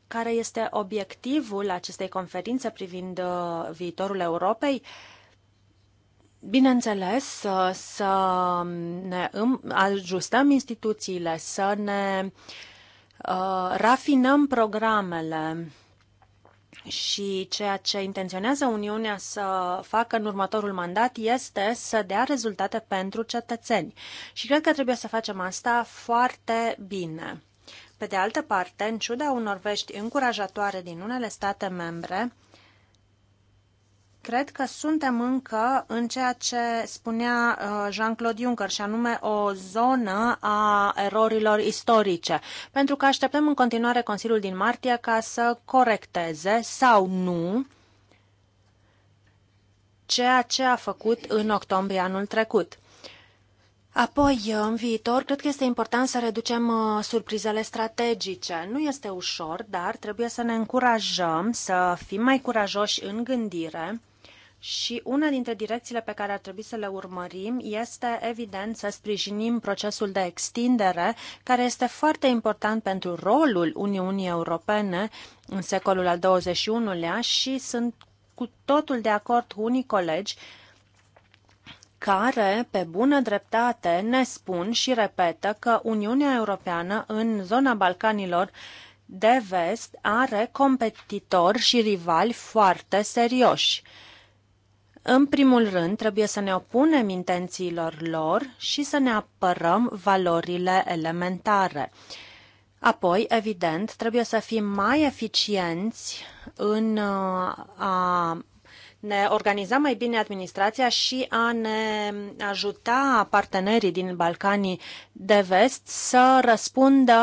Care este obiectivul acestei conferințe privind uh, viitorul Europei? Bineînțeles, să, să ne ajustăm instituțiile, să ne uh, Uh, rafinăm programele și ceea ce intenționează Uniunea să facă în următorul mandat este să dea rezultate pentru cetățeni. Și cred că trebuie să facem asta foarte bine. Pe de altă parte, în ciuda unor vești încurajatoare din unele state membre, Cred că suntem încă în ceea ce spunea uh, Jean-Claude Juncker, și anume o zonă a erorilor istorice, pentru că așteptăm în continuare Consiliul din martie ca să corecteze sau nu ceea ce a făcut în octombrie anul trecut. Apoi, uh, în viitor, cred că este important să reducem uh, surprizele strategice. Nu este ușor, dar trebuie să ne încurajăm să fim mai curajoși în gândire și una dintre direcțiile pe care ar trebui să le urmărim este, evident, să sprijinim procesul de extindere, care este foarte important pentru rolul Uniunii Europene în secolul al XXI-lea și sunt cu totul de acord cu unii colegi care, pe bună dreptate, ne spun și repetă că Uniunea Europeană în zona Balcanilor de vest are competitori și rivali foarte serioși. În primul rând, trebuie să ne opunem intențiilor lor și să ne apărăm valorile elementare. Apoi, evident, trebuie să fim mai eficienți în uh, a ne organiza mai bine administrația și a ne ajuta partenerii din Balcanii de vest să răspundă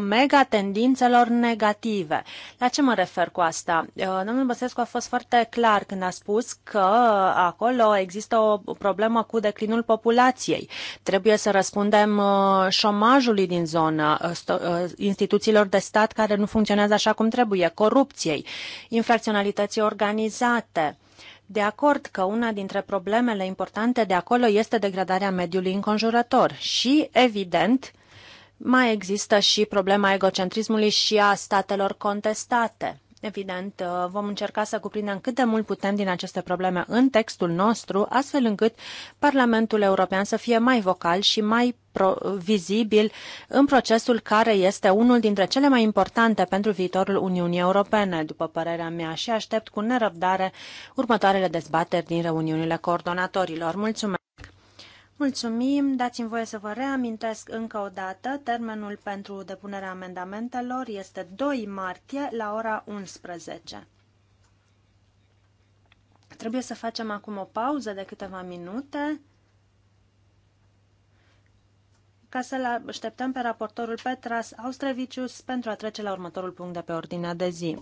mega tendințelor negative. La ce mă refer cu asta? Uh, domnul Băsescu a fost foarte clar când a spus că acolo există o problemă cu declinul populației. Trebuie să răspundem uh, șomajului din zonă, uh, instituțiilor de stat care nu funcționează așa cum trebuie, corupției, infracționalității organizate, de acord că una dintre problemele importante de acolo este degradarea mediului înconjurător și, evident, mai există și problema egocentrismului și a statelor contestate. Evident, uh, vom încerca să cuprindem cât de mult putem din aceste probleme în textul nostru, astfel încât Parlamentul European să fie mai vocal și mai vizibil în procesul care este unul dintre cele mai importante pentru viitorul Uniunii Europene, după părerea mea, și aștept cu nerăbdare următoarele dezbateri din reuniunile coordonatorilor. Mulțumesc! Mulțumim! Dați-mi voie să vă reamintesc încă o dată, termenul pentru depunerea amendamentelor este 2 martie la ora 11. Trebuie să facem acum o pauză de câteva minute ca să-l așteptăm pe raportorul Petras Austrevicius pentru a trece la următorul punct de pe ordinea de zi.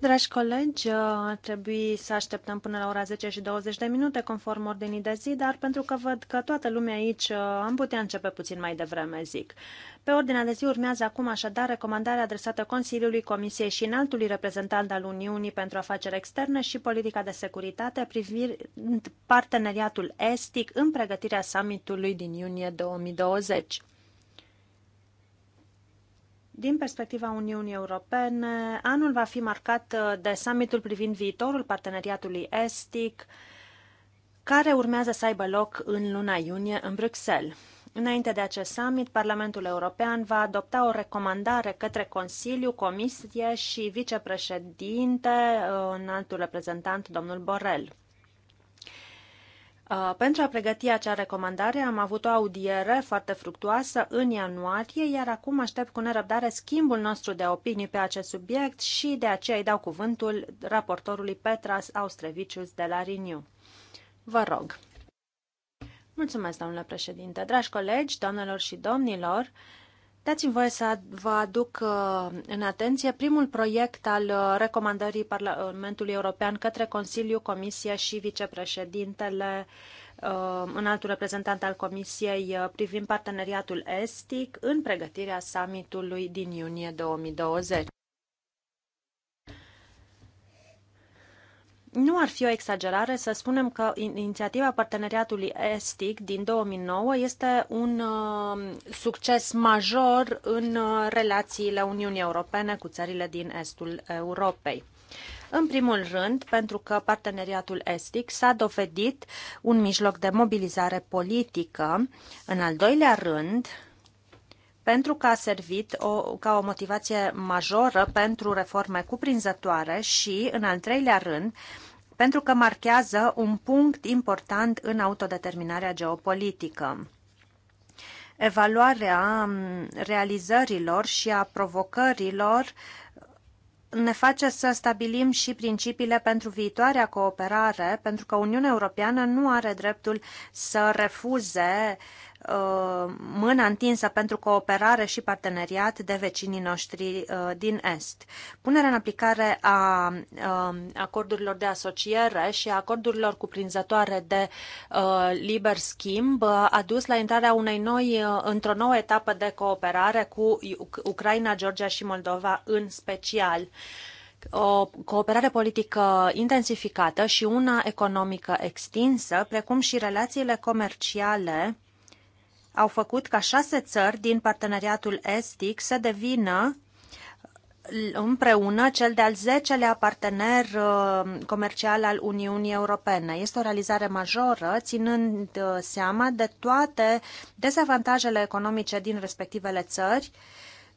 Dragi colegi, uh, ar trebui să așteptăm până la ora 10 și 20 de minute conform ordinii de zi, dar pentru că văd că toată lumea aici uh, am putea începe puțin mai devreme, zic. Pe ordinea de zi urmează acum așadar recomandarea adresată Consiliului Comisiei și înaltului reprezentant al Uniunii pentru afaceri externe și politica de securitate privind parteneriatul estic în pregătirea summitului din iunie 2020. Din perspectiva Uniunii Europene, anul va fi marcat uh, de summitul privind viitorul parteneriatului estic, care urmează să aibă loc în luna iunie în Bruxelles. Înainte de acest summit, Parlamentul European va adopta o recomandare către Consiliu, Comisie și vicepreședinte, uh, înaltul reprezentant, domnul Borrell. Uh, pentru a pregăti acea recomandare am avut o audiere foarte fructuoasă în ianuarie, iar acum aștept cu nerăbdare schimbul nostru de opinii pe acest subiect și de aceea îi dau cuvântul raportorului Petras Austrevicius de la Renew. Vă rog. Mulțumesc, domnule președinte. Dragi colegi, doamnelor și domnilor, Dați-mi voie să vă aduc uh, în atenție primul proiect al uh, recomandării Parlamentului European către Consiliu, Comisie și vicepreședintele uh, altul reprezentant al Comisiei privind parteneriatul estic în pregătirea summitului din iunie 2020. nu ar fi o exagerare să spunem că inițiativa parteneriatului ESTIC din 2009 este un uh, succes major în uh, relațiile Uniunii Europene cu țările din estul Europei. În primul rând, pentru că parteneriatul estic s-a dovedit un mijloc de mobilizare politică. În al doilea rând, pentru că a servit o, ca o motivație majoră pentru reforme cuprinzătoare și, în al treilea rând, pentru că marchează un punct important în autodeterminarea geopolitică. Evaluarea realizărilor și a provocărilor ne face să stabilim și principiile pentru viitoarea cooperare, pentru că Uniunea Europeană nu are dreptul să refuze uh, Uh, mâna întinsă pentru cooperare și parteneriat de vecinii noștri uh, din Est. Punerea în aplicare a uh, acordurilor de asociere și a acordurilor cuprinzătoare de liber schimb a dus la intrarea unei noi, într-o nouă etapă de cooperare cu Ucraina, Georgia și Moldova în special o cooperare politică intensificată și una economică extinsă, precum și relațiile comerciale au făcut ca șase țări din parteneriatul estic să devină împreună cel de-al zecelea partener uh, comercial al Uniunii Europene. Este o realizare majoră, ținând uh, seama de toate dezavantajele economice din respectivele țări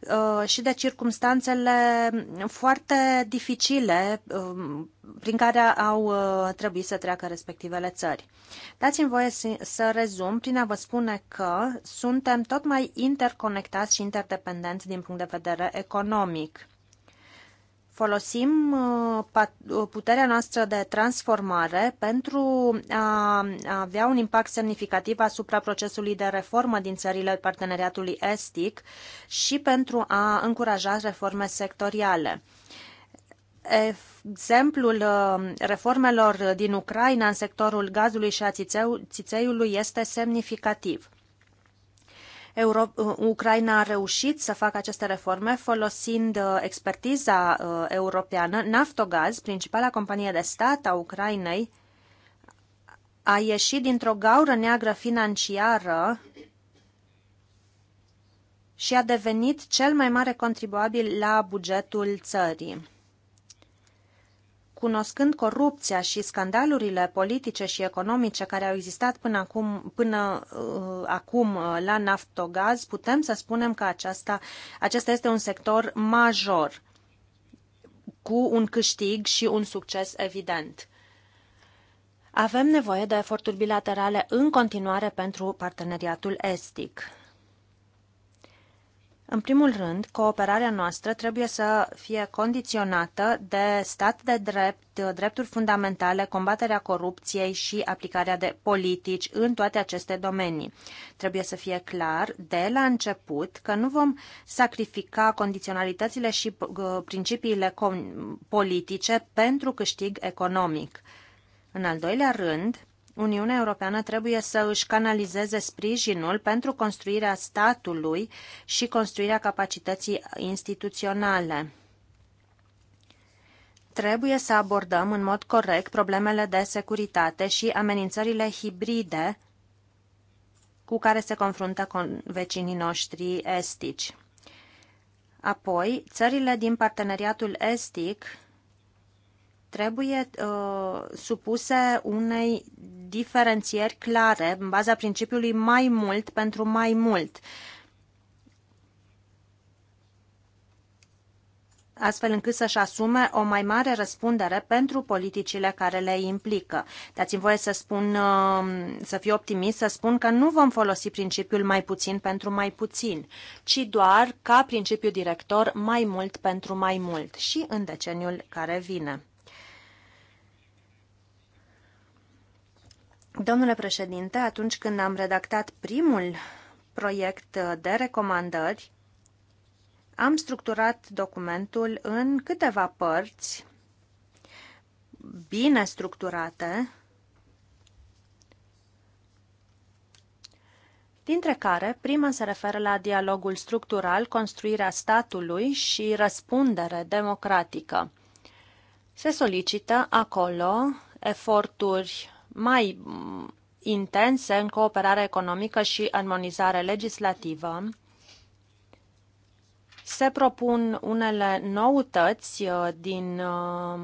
Uh, și de circumstanțele foarte dificile um, prin care au uh, trebuit să treacă respectivele țări. Dați-mi voie să rezum prin a vă spune că suntem tot mai interconectați și interdependenți din punct de vedere economic folosim uh, uh, puterea noastră de transformare pentru a avea un impact semnificativ asupra procesului de reformă din țările parteneriatului estic și pentru a încuraja reforme sectoriale. Exemplul uh, reformelor din Ucraina în sectorul gazului și a țițeiului este semnificativ. Euro- uh, Ucraina a reușit să facă aceste reforme folosind uh, expertiza uh, europeană. Naftogaz, principala companie de stat a Ucrainei, a ieșit dintr-o gaură neagră financiară și a devenit cel mai mare contribuabil la bugetul țării cunoscând corupția și scandalurile politice și economice care au existat până acum, până, uh, acum uh, la naftogaz, putem să spunem că aceasta, acesta este un sector major cu un câștig și un succes evident. Avem nevoie de eforturi bilaterale în continuare pentru parteneriatul estic. În primul rând, cooperarea noastră trebuie să fie condiționată de stat de drept, drepturi fundamentale, combaterea corupției și aplicarea de politici în toate aceste domenii. Trebuie să fie clar de la început că nu vom sacrifica condiționalitățile și uh, principiile politice pentru câștig economic. În al doilea rând, Uniunea Europeană trebuie să își canalizeze sprijinul pentru construirea statului și construirea capacității instituționale. Trebuie să abordăm în mod corect problemele de securitate și amenințările hibride cu care se confruntă vecinii noștri estici. Apoi, țările din parteneriatul estic trebuie uh, supuse unei diferențieri clare în baza principiului mai mult pentru mai mult. astfel încât să-și asume o mai mare răspundere pentru politicile care le implică. Dați-mi voie să spun, uh, să fiu optimist, să spun că nu vom folosi principiul mai puțin pentru mai puțin, ci doar ca principiu director mai mult pentru mai mult și în deceniul care vine. Domnule președinte, atunci când am redactat primul proiect de recomandări, am structurat documentul în câteva părți bine structurate, dintre care prima se referă la dialogul structural, construirea statului și răspundere democratică. Se solicită acolo eforturi mai mm, intense în cooperare economică și armonizare legislativă. Se propun unele noutăți uh, din, uh,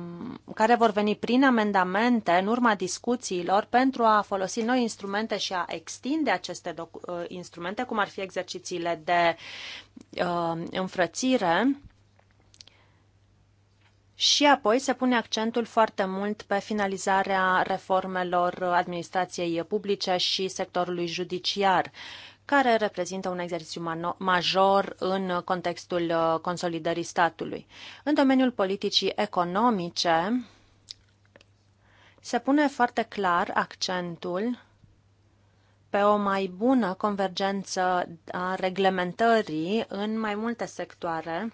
care vor veni prin amendamente în urma discuțiilor pentru a folosi noi instrumente și a extinde aceste uh, instrumente, cum ar fi exercițiile de uh, înfrățire și apoi se pune accentul foarte mult pe finalizarea reformelor administrației publice și sectorului judiciar, care reprezintă un exercițiu major în contextul uh, consolidării statului. În domeniul politicii economice, se pune foarte clar accentul pe o mai bună convergență a reglementării în mai multe sectoare,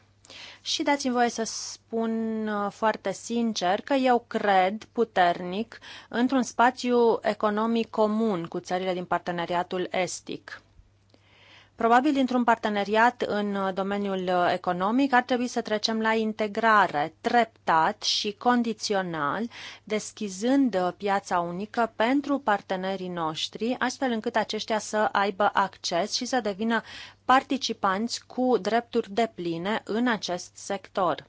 și dați-mi voie să spun uh, foarte sincer că eu cred puternic într-un spațiu economic comun cu țările din parteneriatul estic. Probabil dintr-un parteneriat în domeniul economic ar trebui să trecem la integrare treptat și condițional, deschizând piața unică pentru partenerii noștri, astfel încât aceștia să aibă acces și să devină participanți cu drepturi depline în acest sector.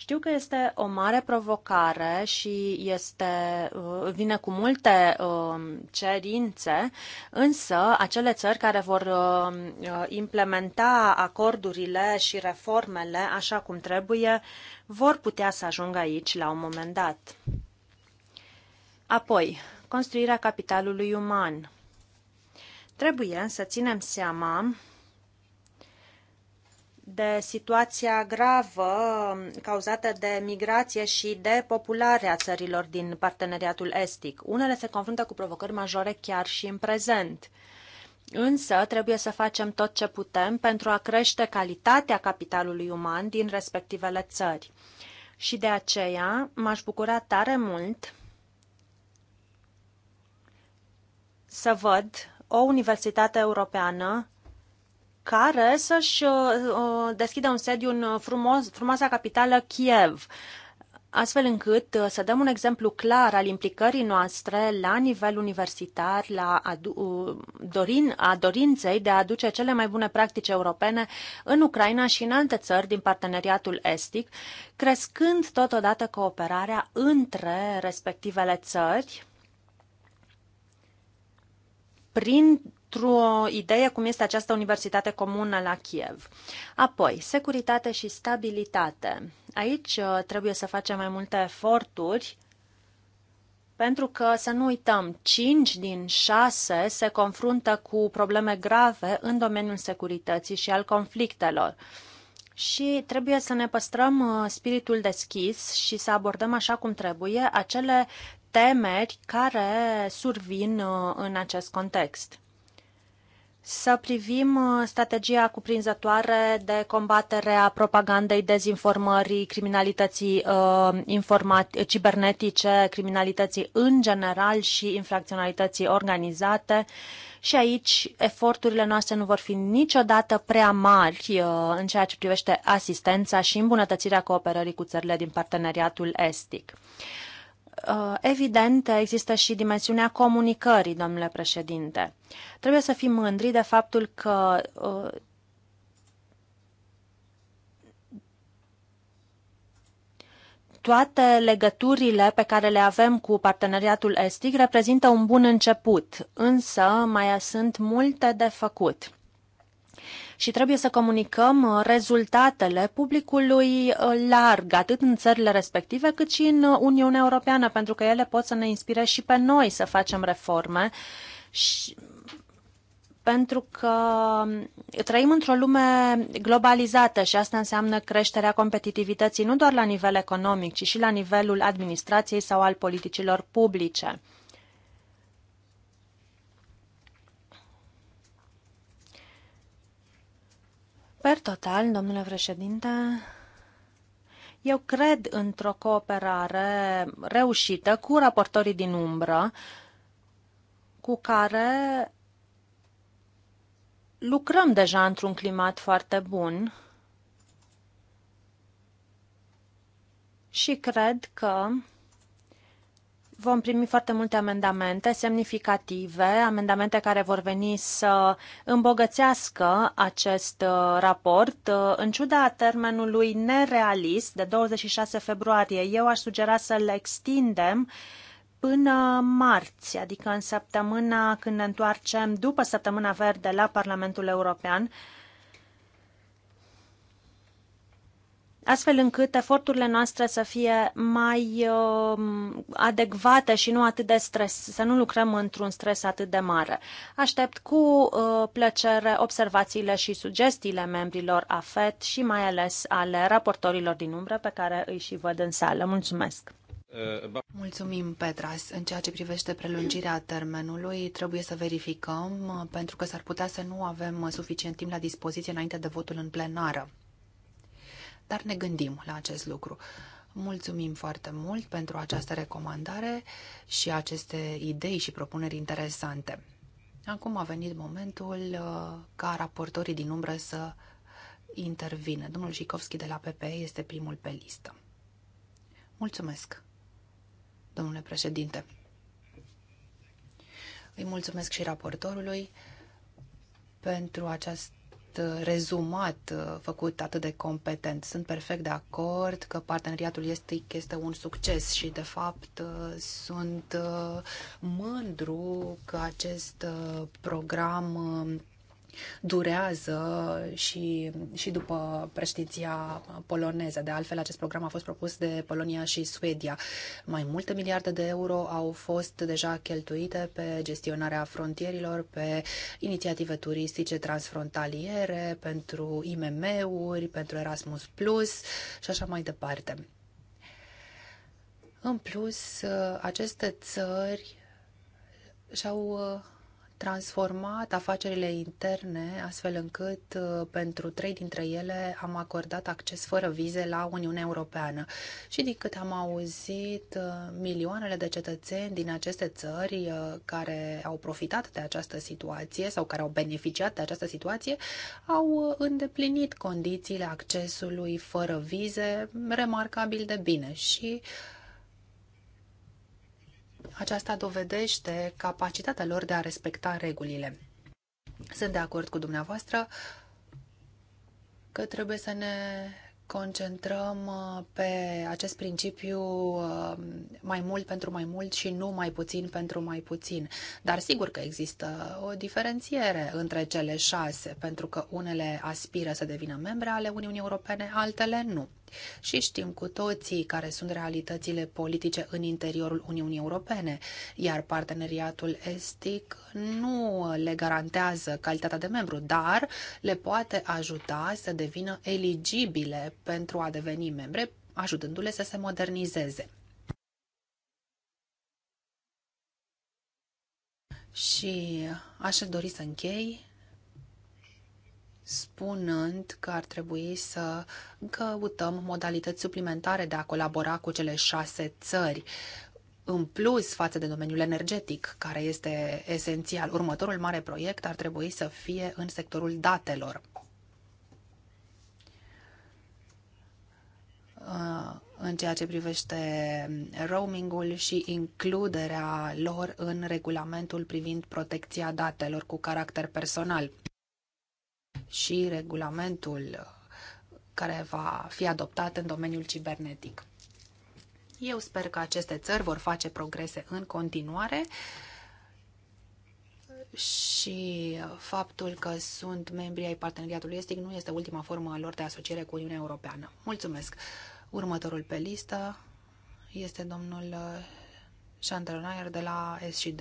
Știu că este o mare provocare și este, uh, vine cu multe um, cerințe, însă acele țări care vor um, uh, implementa acordurile și reformele așa cum trebuie vor putea să ajungă aici la un moment dat. Apoi, construirea capitalului uman. Trebuie să ținem seama de situația gravă cauzată de migrație și de popularea țărilor din parteneriatul estic. Unele se confruntă cu provocări majore chiar și în prezent. Însă trebuie să facem tot ce putem pentru a crește calitatea capitalului uman din respectivele țări. Și de aceea m-aș bucura tare mult să văd o universitate europeană care să-și uh, uh, deschidă un sediu în uh, frumos, frumoasa capitală Kiev astfel încât să dăm un exemplu clar al implicării noastre la nivel universitar, la adu- dorin, a dorinței de a aduce cele mai bune practici europene în Ucraina și în alte țări din parteneriatul estic, crescând totodată cooperarea între respectivele țări prin pentru o idee cum este această universitate comună la Kiev. Apoi, securitate și stabilitate. Aici uh, trebuie să facem mai multe eforturi pentru că, să nu uităm, 5 din 6 se confruntă cu probleme grave în domeniul securității și al conflictelor. Și trebuie să ne păstrăm uh, spiritul deschis și să abordăm așa cum trebuie acele temeri care survin uh, în acest context să privim uh, strategia cuprinzătoare de combatere a propagandei, dezinformării, criminalității uh, cibernetice, criminalității în general și infracționalității organizate. Și aici eforturile noastre nu vor fi niciodată prea mari uh, în ceea ce privește asistența și îmbunătățirea cooperării cu țările din parteneriatul estic. Uh, Uh, Evident, există și dimensiunea comunicării, domnule președinte. Trebuie să fim mândri de faptul că uh, toate legăturile pe care le avem cu parteneriatul estic reprezintă un bun început, însă mai sunt multe de făcut și trebuie să comunicăm uh, rezultatele publicului uh, larg, atât în țările respective cât și în uh, Uniunea Europeană, pentru că ele pot să ne inspire și pe noi să facem reforme. Și pentru că um, trăim într-o lume globalizată și asta înseamnă creșterea competitivității nu doar la nivel economic, ci și la nivelul administrației sau al politicilor publice. Per total, domnule președinte, eu cred într-o cooperare reușită cu raportorii din umbră, cu care lucrăm deja într-un climat foarte bun și cred că vom primi foarte multe amendamente semnificative, amendamente care vor veni să îmbogățească acest uh, raport. Uh, în ciuda termenului nerealist de 26 februarie, eu aș sugera să le extindem până marți, adică în săptămâna când ne întoarcem după săptămâna verde la Parlamentul European, astfel încât eforturile noastre să fie mai um, adecvate și nu atât de stres, să nu lucrăm într-un stres atât de mare. Aștept cu uh, plăcere observațiile și sugestiile membrilor AFET și mai ales ale raportorilor din umbră pe care îi și văd în sală. Mulțumesc! Mulțumim, Petras. În ceea ce privește prelungirea termenului, trebuie să verificăm, uh, pentru că s-ar putea să nu avem uh, suficient timp la dispoziție înainte de votul în plenară dar ne gândim la acest lucru. Mulțumim foarte mult pentru această recomandare și aceste idei și propuneri interesante. Acum a venit momentul uh, ca raportorii din umbră să intervină. Domnul Jikovski de la PPE este primul pe listă. Mulțumesc, domnule președinte. Îi mulțumesc și raportorului pentru această rezumat uh, făcut atât de competent. Sunt perfect de acord că parteneriatul estic este un succes și, de fapt, uh, sunt uh, mândru că acest program durează și, și după președinția poloneză. De altfel, acest program a fost propus de Polonia și Suedia. Mai multe miliarde de euro au fost deja cheltuite pe gestionarea frontierilor, pe inițiative turistice transfrontaliere, pentru IMM-uri, pentru Erasmus Plus și așa mai departe. În plus, aceste țări și-au transformat afacerile interne astfel încât uh, pentru trei dintre ele am acordat acces fără vize la Uniunea Europeană. Și din câte am auzit, uh, milioanele de cetățeni din aceste țări uh, care au profitat de această situație sau care au beneficiat de această situație au îndeplinit condițiile accesului fără vize remarcabil de bine și uh, aceasta dovedește capacitatea lor de a respecta regulile. Sunt de acord cu dumneavoastră că trebuie să ne concentrăm uh, pe acest principiu uh, mai mult pentru mai mult și nu mai puțin pentru mai puțin. Dar sigur că există o diferențiere între cele șase, pentru că unele aspiră să devină membre ale Uniunii Europene, altele nu. Și știm cu toții care sunt realitățile politice în interiorul Uniunii Europene, iar parteneriatul estic nu le garantează calitatea de membru, dar le poate ajuta să devină eligibile pentru a deveni membre, ajutându-le să se modernizeze. Și aș dori să închei spunând că ar trebui să căutăm modalități suplimentare de a colabora cu cele șase țări în plus față de domeniul energetic, care este esențial. Următorul mare proiect ar trebui să fie în sectorul datelor. Uh, în ceea ce privește roamingul și includerea lor în regulamentul privind protecția datelor cu caracter personal și regulamentul care va fi adoptat în domeniul cibernetic. Eu sper că aceste țări vor face progrese în continuare și faptul că sunt membri ai parteneriatului estic nu este ultima formă a lor de asociere cu Uniunea Europeană. Mulțumesc! Următorul pe listă este domnul Chandler Nair de la SD.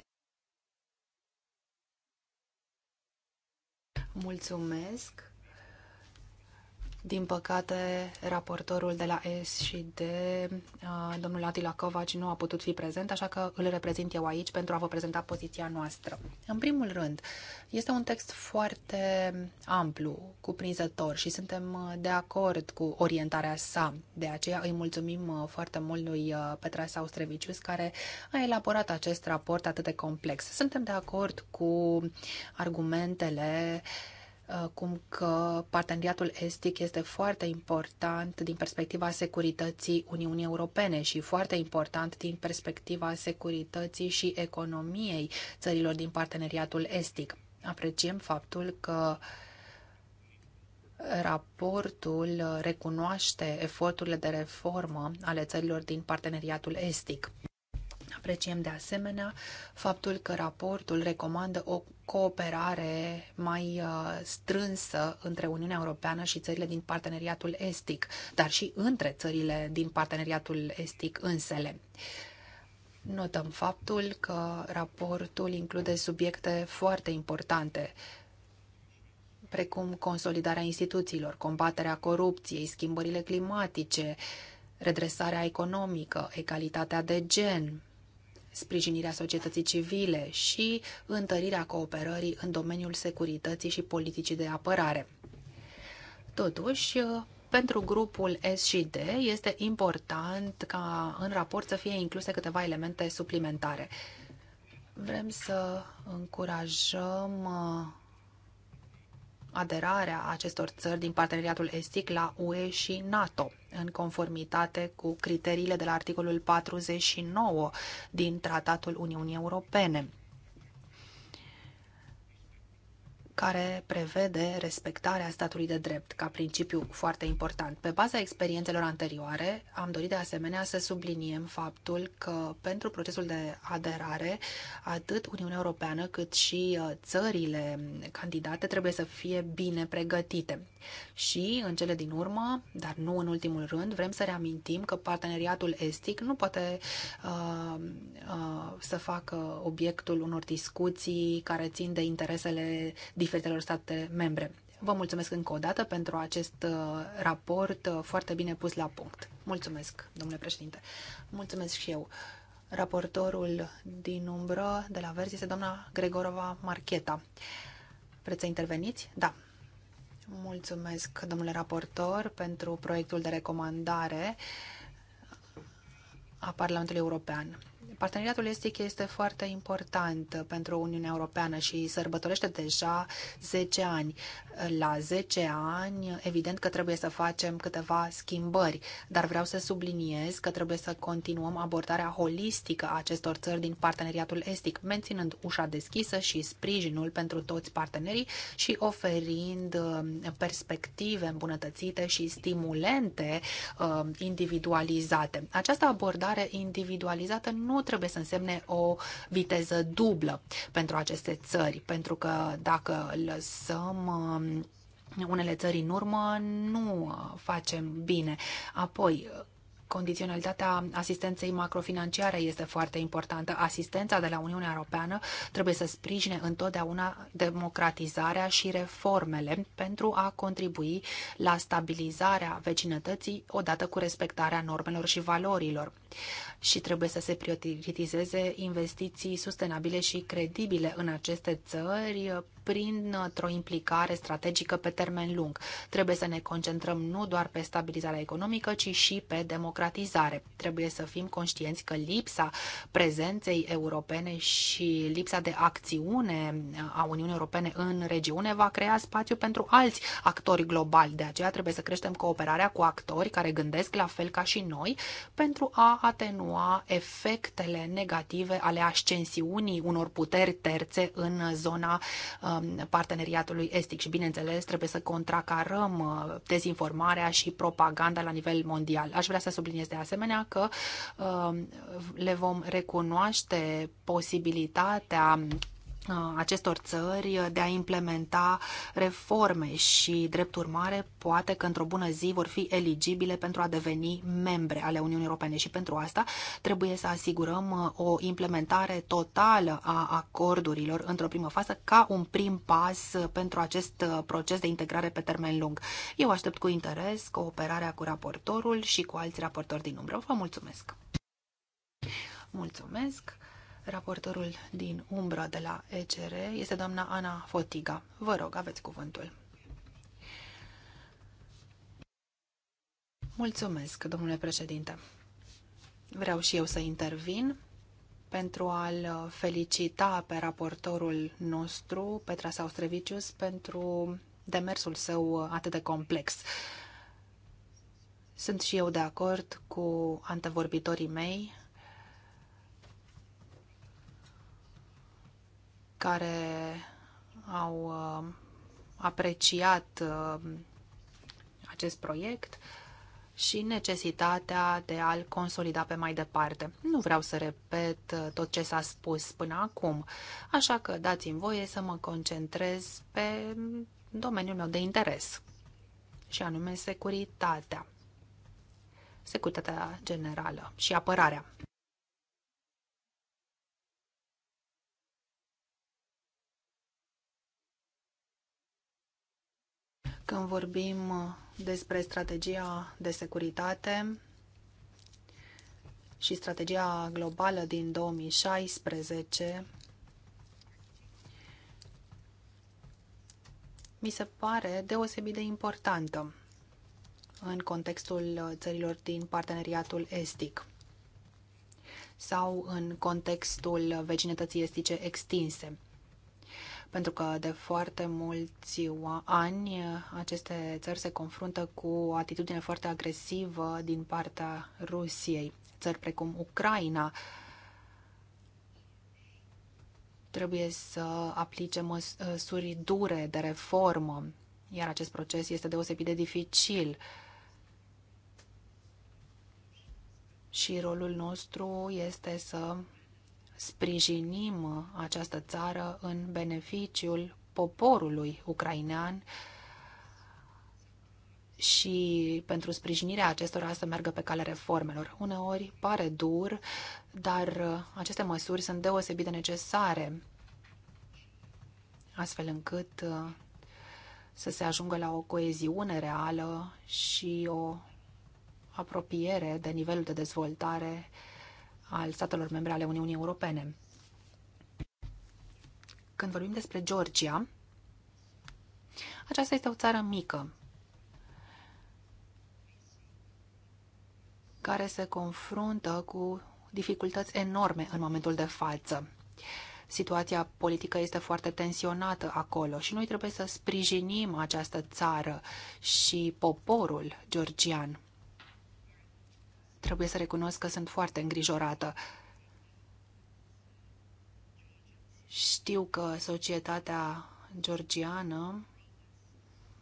Mulțumesc. Din păcate, raportorul de la S și de uh, domnul Atila Covaci nu a putut fi prezent, așa că îl reprezint eu aici pentru a vă prezenta poziția noastră. În primul rând, este un text foarte amplu, cuprinzător și suntem uh, de acord cu orientarea sa. De aceea îi mulțumim uh, foarte mult lui Petra Saustrevicius care a elaborat acest raport atât de complex. Suntem de acord cu argumentele uh, Uh, cum că parteneriatul estic este foarte important din perspectiva securității Uniunii Europene și foarte important din perspectiva securității și economiei țărilor din parteneriatul estic. Apreciem faptul că raportul recunoaște eforturile de reformă ale țărilor din parteneriatul estic. Apreciem de asemenea faptul că raportul recomandă o cooperare mai uh, strânsă între Uniunea Europeană și țările din parteneriatul estic, dar și între țările din parteneriatul estic însele. Notăm faptul că raportul include subiecte foarte importante, precum consolidarea instituțiilor, combaterea corupției, schimbările climatice, redresarea economică, egalitatea de gen, sprijinirea societății civile și întărirea cooperării în domeniul securității și politicii de apărare. Totuși, pentru grupul S și D este important ca în raport să fie incluse câteva elemente suplimentare. Vrem să încurajăm aderarea acestor țări din parteneriatul estic la UE și NATO, în conformitate cu criteriile de la articolul 49 din Tratatul Uniunii Europene. care prevede respectarea statului de drept ca principiu foarte important. Pe baza experiențelor anterioare, am dorit de asemenea să subliniem faptul că pentru procesul de aderare, atât Uniunea Europeană cât și uh, țările candidate trebuie să fie bine pregătite. Și, în cele din urmă, dar nu în ultimul rând, vrem să reamintim că parteneriatul estic nu poate uh, uh, să facă obiectul unor discuții care țin de interesele diferite diferitelor state membre. Vă mulțumesc încă o dată pentru acest uh, raport uh, foarte bine pus la punct. Mulțumesc, domnule președinte. Mulțumesc și eu. Raportorul din umbră de la Verzi este doamna Gregorova Marcheta. Vreți să interveniți? Da. Mulțumesc, domnule raportor, pentru proiectul de recomandare a Parlamentului European. Parteneriatul estic este foarte important pentru Uniunea Europeană și sărbătorește deja 10 ani. La 10 ani, evident că trebuie să facem câteva schimbări, dar vreau să subliniez că trebuie să continuăm abordarea holistică a acestor țări din Parteneriatul estic, menținând ușa deschisă și sprijinul pentru toți partenerii și oferind uh, perspective îmbunătățite și stimulente uh, individualizate. Această abordare individualizată nu trebuie să însemne o viteză dublă pentru aceste țări, pentru că dacă lăsăm um, unele țări în urmă, nu uh, facem bine. Apoi, condiționalitatea asistenței macrofinanciare este foarte importantă. Asistența de la Uniunea Europeană trebuie să sprijine întotdeauna democratizarea și reformele pentru a contribui la stabilizarea vecinătății odată cu respectarea normelor și valorilor. Și trebuie să se prioritizeze investiții sustenabile și credibile în aceste țări printr-o implicare strategică pe termen lung. Trebuie să ne concentrăm nu doar pe stabilizarea economică, ci și pe democratizare. Trebuie să fim conștienți că lipsa prezenței europene și lipsa de acțiune a Uniunii Europene în regiune va crea spațiu pentru alți actori globali. De aceea trebuie să creștem cooperarea cu actori care gândesc la fel ca și noi pentru a atenua efectele negative ale ascensiunii unor puteri terțe în zona uh, parteneriatului estic și, bineînțeles, trebuie să contracarăm uh, dezinformarea și propaganda la nivel mondial. Aș vrea să subliniez de asemenea că uh, le vom recunoaște posibilitatea Uh, acestor țări de a implementa reforme și, drept urmare, poate că într-o bună zi vor fi eligibile pentru a deveni membre ale Uniunii Europene și pentru asta trebuie să asigurăm uh, o implementare totală a acordurilor într-o primă fază ca un prim pas uh, pentru acest proces de integrare pe termen lung. Eu aștept cu interes cooperarea cu raportorul și cu alți raportori din umbră. Vă mulțumesc! Mulțumesc! Raportorul din umbră de la ECR este doamna Ana Fotiga. Vă rog, aveți cuvântul. Mulțumesc, domnule președinte. Vreau și eu să intervin pentru a-l felicita pe raportorul nostru, Petra Saustrevicius, pentru demersul său atât de complex. Sunt și eu de acord cu antevorbitorii mei care au uh, apreciat uh, acest proiect și necesitatea de a-l consolida pe mai departe. Nu vreau să repet uh, tot ce s-a spus până acum, așa că dați-mi voie să mă concentrez pe domeniul meu de interes, și anume securitatea, securitatea generală și apărarea. Când vorbim uh, despre strategia de securitate și strategia globală din 2016, mi se pare deosebit de importantă în contextul țărilor din parteneriatul estic sau în contextul vecinătății estice extinse pentru că de foarte mulți ani aceste țări se confruntă cu o atitudine foarte agresivă din partea Rusiei. Țări precum Ucraina trebuie să aplice măsuri dure de reformă, iar acest proces este deosebit de dificil. Și rolul nostru este să sprijinim această țară în beneficiul poporului ucrainean și pentru sprijinirea acestora să meargă pe calea reformelor. Uneori pare dur, dar aceste măsuri sunt deosebit de necesare, astfel încât uh, să se ajungă la o coeziune reală și o apropiere de nivelul de dezvoltare al statelor membre ale Uniunii Europene. Când vorbim despre Georgia, aceasta este o țară mică care se confruntă cu dificultăți enorme în momentul de față. Situația politică este foarte tensionată acolo și noi trebuie să sprijinim această țară și poporul georgian. Trebuie să recunosc că sunt foarte îngrijorată. Știu că societatea georgiană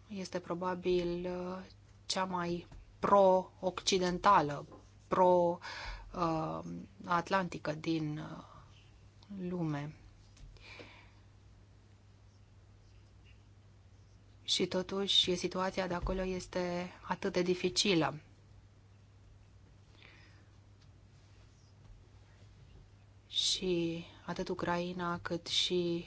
este probabil uh, cea mai pro-occidentală, pro-atlantică uh, din uh, lume. Și totuși situația de acolo este atât de dificilă. și atât Ucraina cât și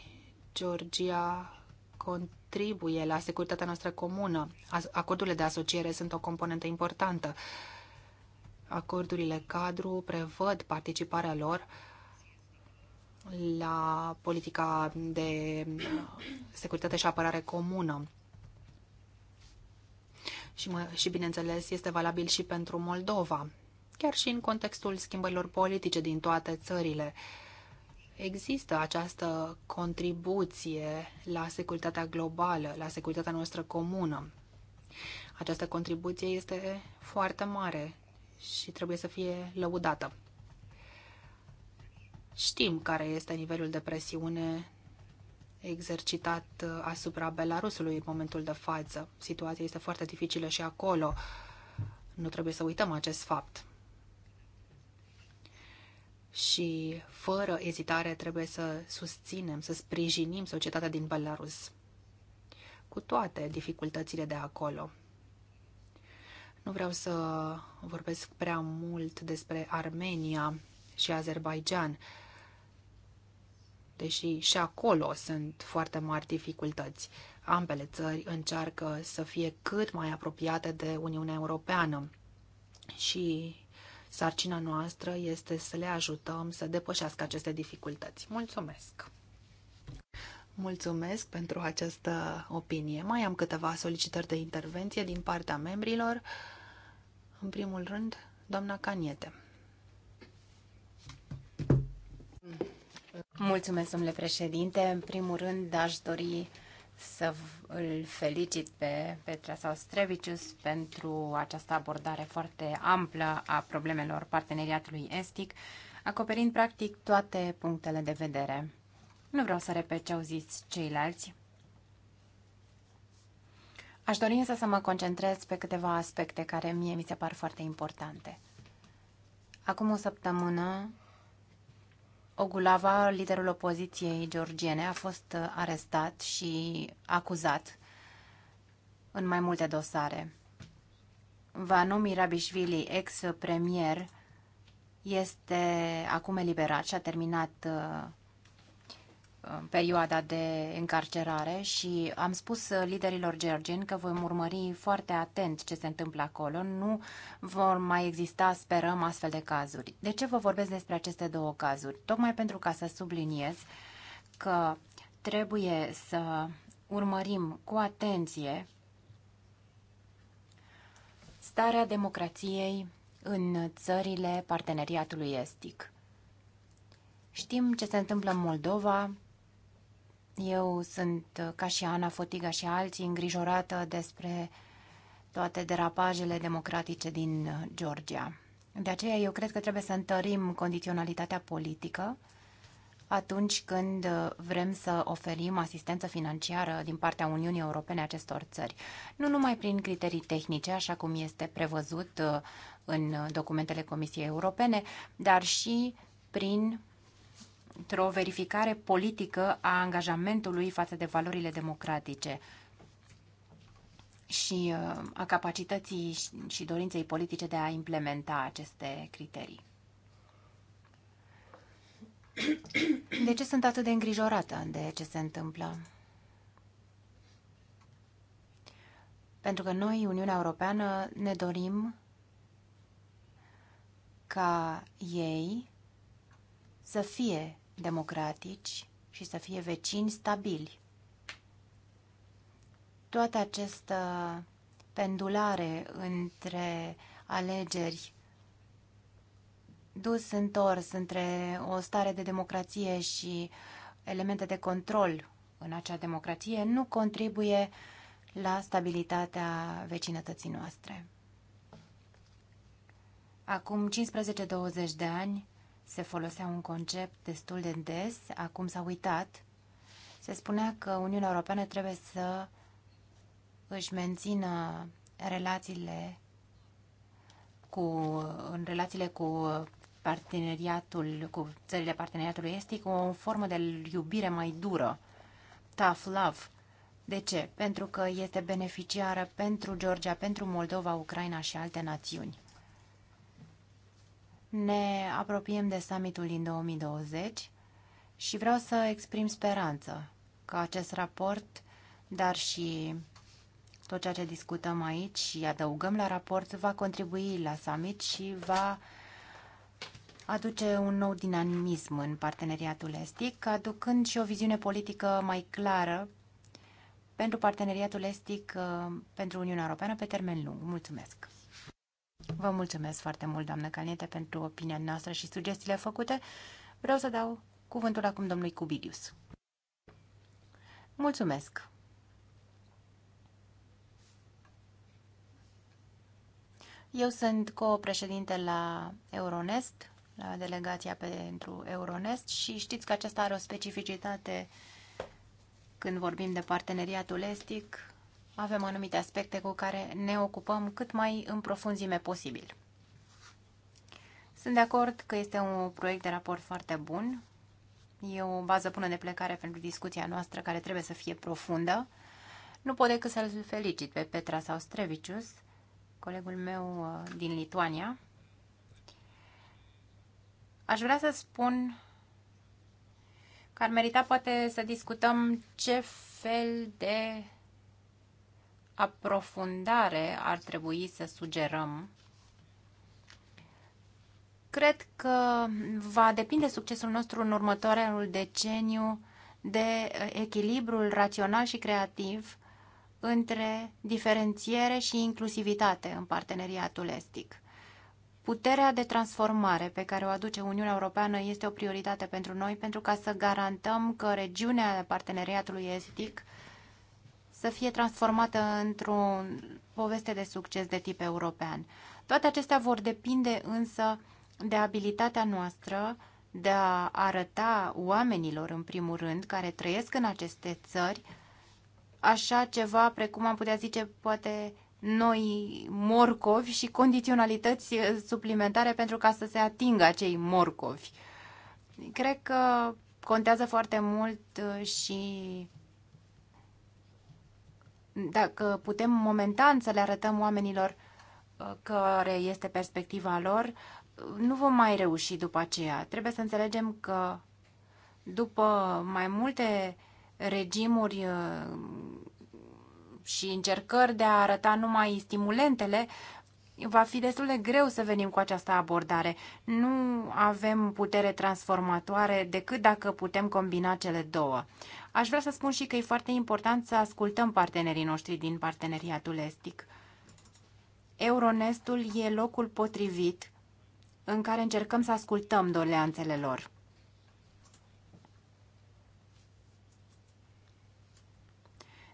Georgia contribuie la securitatea noastră comună. Acordurile de asociere sunt o componentă importantă. Acordurile cadru prevăd participarea lor la politica de securitate și apărare comună. Și, mă, și bineînțeles, este valabil și pentru Moldova chiar și în contextul schimbărilor politice din toate țările. Există această contribuție la securitatea globală, la securitatea noastră comună. Această contribuție este foarte mare și trebuie să fie lăudată. Știm care este nivelul de presiune exercitat uh, asupra Belarusului în momentul de față. Situația este foarte dificilă și acolo. Nu trebuie să uităm acest fapt și fără ezitare trebuie să susținem, să sprijinim societatea din Belarus cu toate dificultățile de acolo. Nu vreau să vorbesc prea mult despre Armenia și Azerbaijan, deși și acolo sunt foarte mari dificultăți. Ambele țări încearcă să fie cât mai apropiate de Uniunea Europeană și Sarcina noastră este să le ajutăm să depășească aceste dificultăți. Mulțumesc! Mulțumesc pentru această opinie. Mai am câteva solicitări de intervenție din partea membrilor. În primul rând, doamna Caniete. Mulțumesc, domnule președinte. În primul rând, aș dori să îl felicit pe Petra sau Strevicius pentru această abordare foarte amplă a problemelor parteneriatului estic, acoperind practic toate punctele de vedere. Nu vreau să repet ce au zis ceilalți. Aș dori însă să mă concentrez pe câteva aspecte care mie mi se par foarte importante. Acum o săptămână Ogulava, liderul opoziției georgiene, a fost uh, arestat și acuzat în mai multe dosare. Vanu Mirabișvili, ex-premier, este acum eliberat și a terminat uh, perioada de încarcerare și am spus liderilor georgieni că vom urmări foarte atent ce se întâmplă acolo. Nu vor mai exista, sperăm, astfel de cazuri. De ce vă vorbesc despre aceste două cazuri? Tocmai pentru ca să subliniez că trebuie să urmărim cu atenție starea democrației în țările parteneriatului estic. Știm ce se întâmplă în Moldova, eu sunt, uh, ca și Ana Fotiga și alții, îngrijorată despre toate derapajele democratice din uh, Georgia. De aceea eu cred că trebuie să întărim condiționalitatea politică atunci când uh, vrem să oferim asistență financiară din partea Uniunii Europene acestor țări. Nu numai prin criterii tehnice, așa cum este prevăzut în documentele Comisiei Europene, dar și prin într-o verificare politică a angajamentului față de valorile democratice și uh, a capacității și dorinței politice de a implementa aceste criterii. De ce sunt atât de îngrijorată de ce se întâmplă? Pentru că noi, Uniunea Europeană, ne dorim ca ei să fie democratici și să fie vecini stabili. Toată această pendulare între alegeri dus întors între o stare de democrație și elemente de control în acea democrație nu contribuie la stabilitatea vecinătății noastre. Acum 15-20 de ani, se folosea un concept destul de des, acum s-a uitat. Se spunea că Uniunea Europeană trebuie să își mențină relațiile cu, în relațiile cu parteneriatul, cu țările parteneriatului estic, o formă de iubire mai dură, tough love. De ce? Pentru că este beneficiară pentru Georgia, pentru Moldova, Ucraina și alte națiuni. Ne apropiem de summitul din 2020 și vreau să exprim speranță că acest raport, dar și tot ceea ce discutăm aici și adăugăm la raport, va contribui la summit și va aduce un nou dinamism în parteneriatul estic, aducând și o viziune politică mai clară pentru parteneriatul estic uh, pentru Uniunea Europeană pe termen lung. Mulțumesc! Vă mulțumesc foarte mult, doamnă Calniete, pentru opinia noastră și sugestiile făcute. Vreau să dau cuvântul acum domnului Cubidius. Mulțumesc! Eu sunt co-președinte la Euronest, la delegația pentru Euronest și știți că aceasta are o specificitate când vorbim de parteneriatul estic, avem anumite aspecte cu care ne ocupăm cât mai în profunzime posibil. Sunt de acord că este un proiect de raport foarte bun. E o bază bună de plecare pentru discuția noastră care trebuie să fie profundă. Nu pot decât să-l felicit pe Petra sau Strevicius, colegul meu uh, din Lituania. Aș vrea să spun că ar merita poate să discutăm ce fel de aprofundare ar trebui să sugerăm? Cred că va depinde succesul nostru în următorul deceniu de echilibrul rațional și creativ între diferențiere și inclusivitate în parteneriatul estic. Puterea de transformare pe care o aduce Uniunea Europeană este o prioritate pentru noi pentru ca să garantăm că regiunea parteneriatului estic să fie transformată într-o poveste de succes de tip european. Toate acestea vor depinde însă de abilitatea noastră de a arăta oamenilor, în primul rând, care trăiesc în aceste țări, așa ceva precum am putea zice, poate noi morcovi și condiționalități suplimentare pentru ca să se atingă acei morcovi. Cred că contează foarte mult uh, și dacă putem momentan să le arătăm oamenilor uh, care este perspectiva lor, uh, nu vom mai reuși după aceea. Trebuie să înțelegem că după mai multe regimuri uh, și încercări de a arăta numai stimulentele, va fi destul de greu să venim cu această abordare. Nu avem putere transformatoare decât dacă putem combina cele două. Aș vrea să spun și că e foarte important să ascultăm partenerii noștri din parteneriatul estic. Euronestul e locul potrivit în care încercăm să ascultăm doleanțele lor.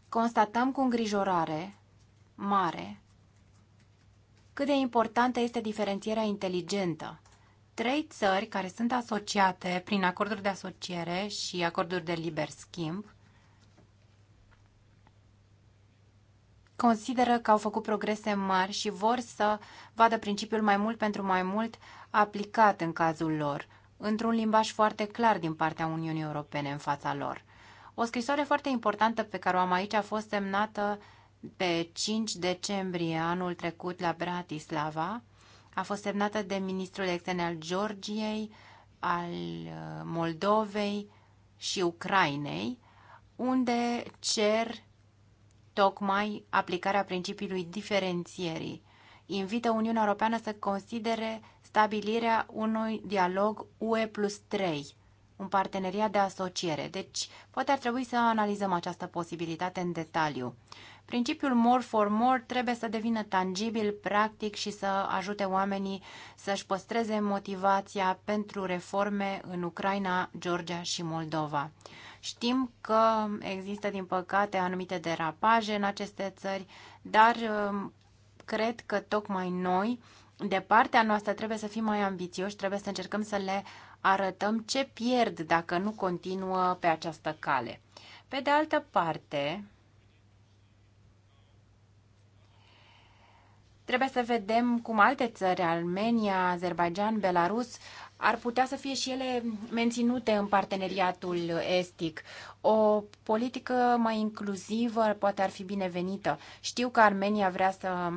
Constatăm cu îngrijorare mare cât de importantă este diferențierea inteligentă trei țări care sunt asociate prin acorduri de asociere și acorduri de liber schimb consideră că au făcut progrese mari și vor să vadă principiul mai mult pentru mai mult aplicat în cazul lor, într-un limbaj foarte clar din partea Uniunii Europene în fața lor. O scrisoare foarte importantă pe care o am aici a fost semnată pe 5 decembrie anul trecut la Bratislava a fost semnată de ministrul externe al Georgiei, al uh, Moldovei și Ucrainei, unde cer tocmai aplicarea principiului diferențierii. Invită Uniunea Europeană să considere stabilirea unui dialog UE plus 3, un parteneriat de asociere. Deci, poate ar trebui să analizăm această posibilitate în detaliu. Principiul more for more trebuie să devină tangibil, practic și să ajute oamenii să-și păstreze motivația pentru reforme în Ucraina, Georgia și Moldova. Știm că există, din păcate, anumite derapaje în aceste țări, dar um, cred că tocmai noi, de partea noastră, trebuie să fim mai ambițioși, trebuie să încercăm să le arătăm ce pierd dacă nu continuă pe această cale. Pe de altă parte, Trebuie să vedem cum alte țări, Armenia, Azerbaijan, Belarus, ar putea să fie și ele menținute în parteneriatul estic. O politică mai inclusivă poate ar fi binevenită. Știu că Armenia vrea să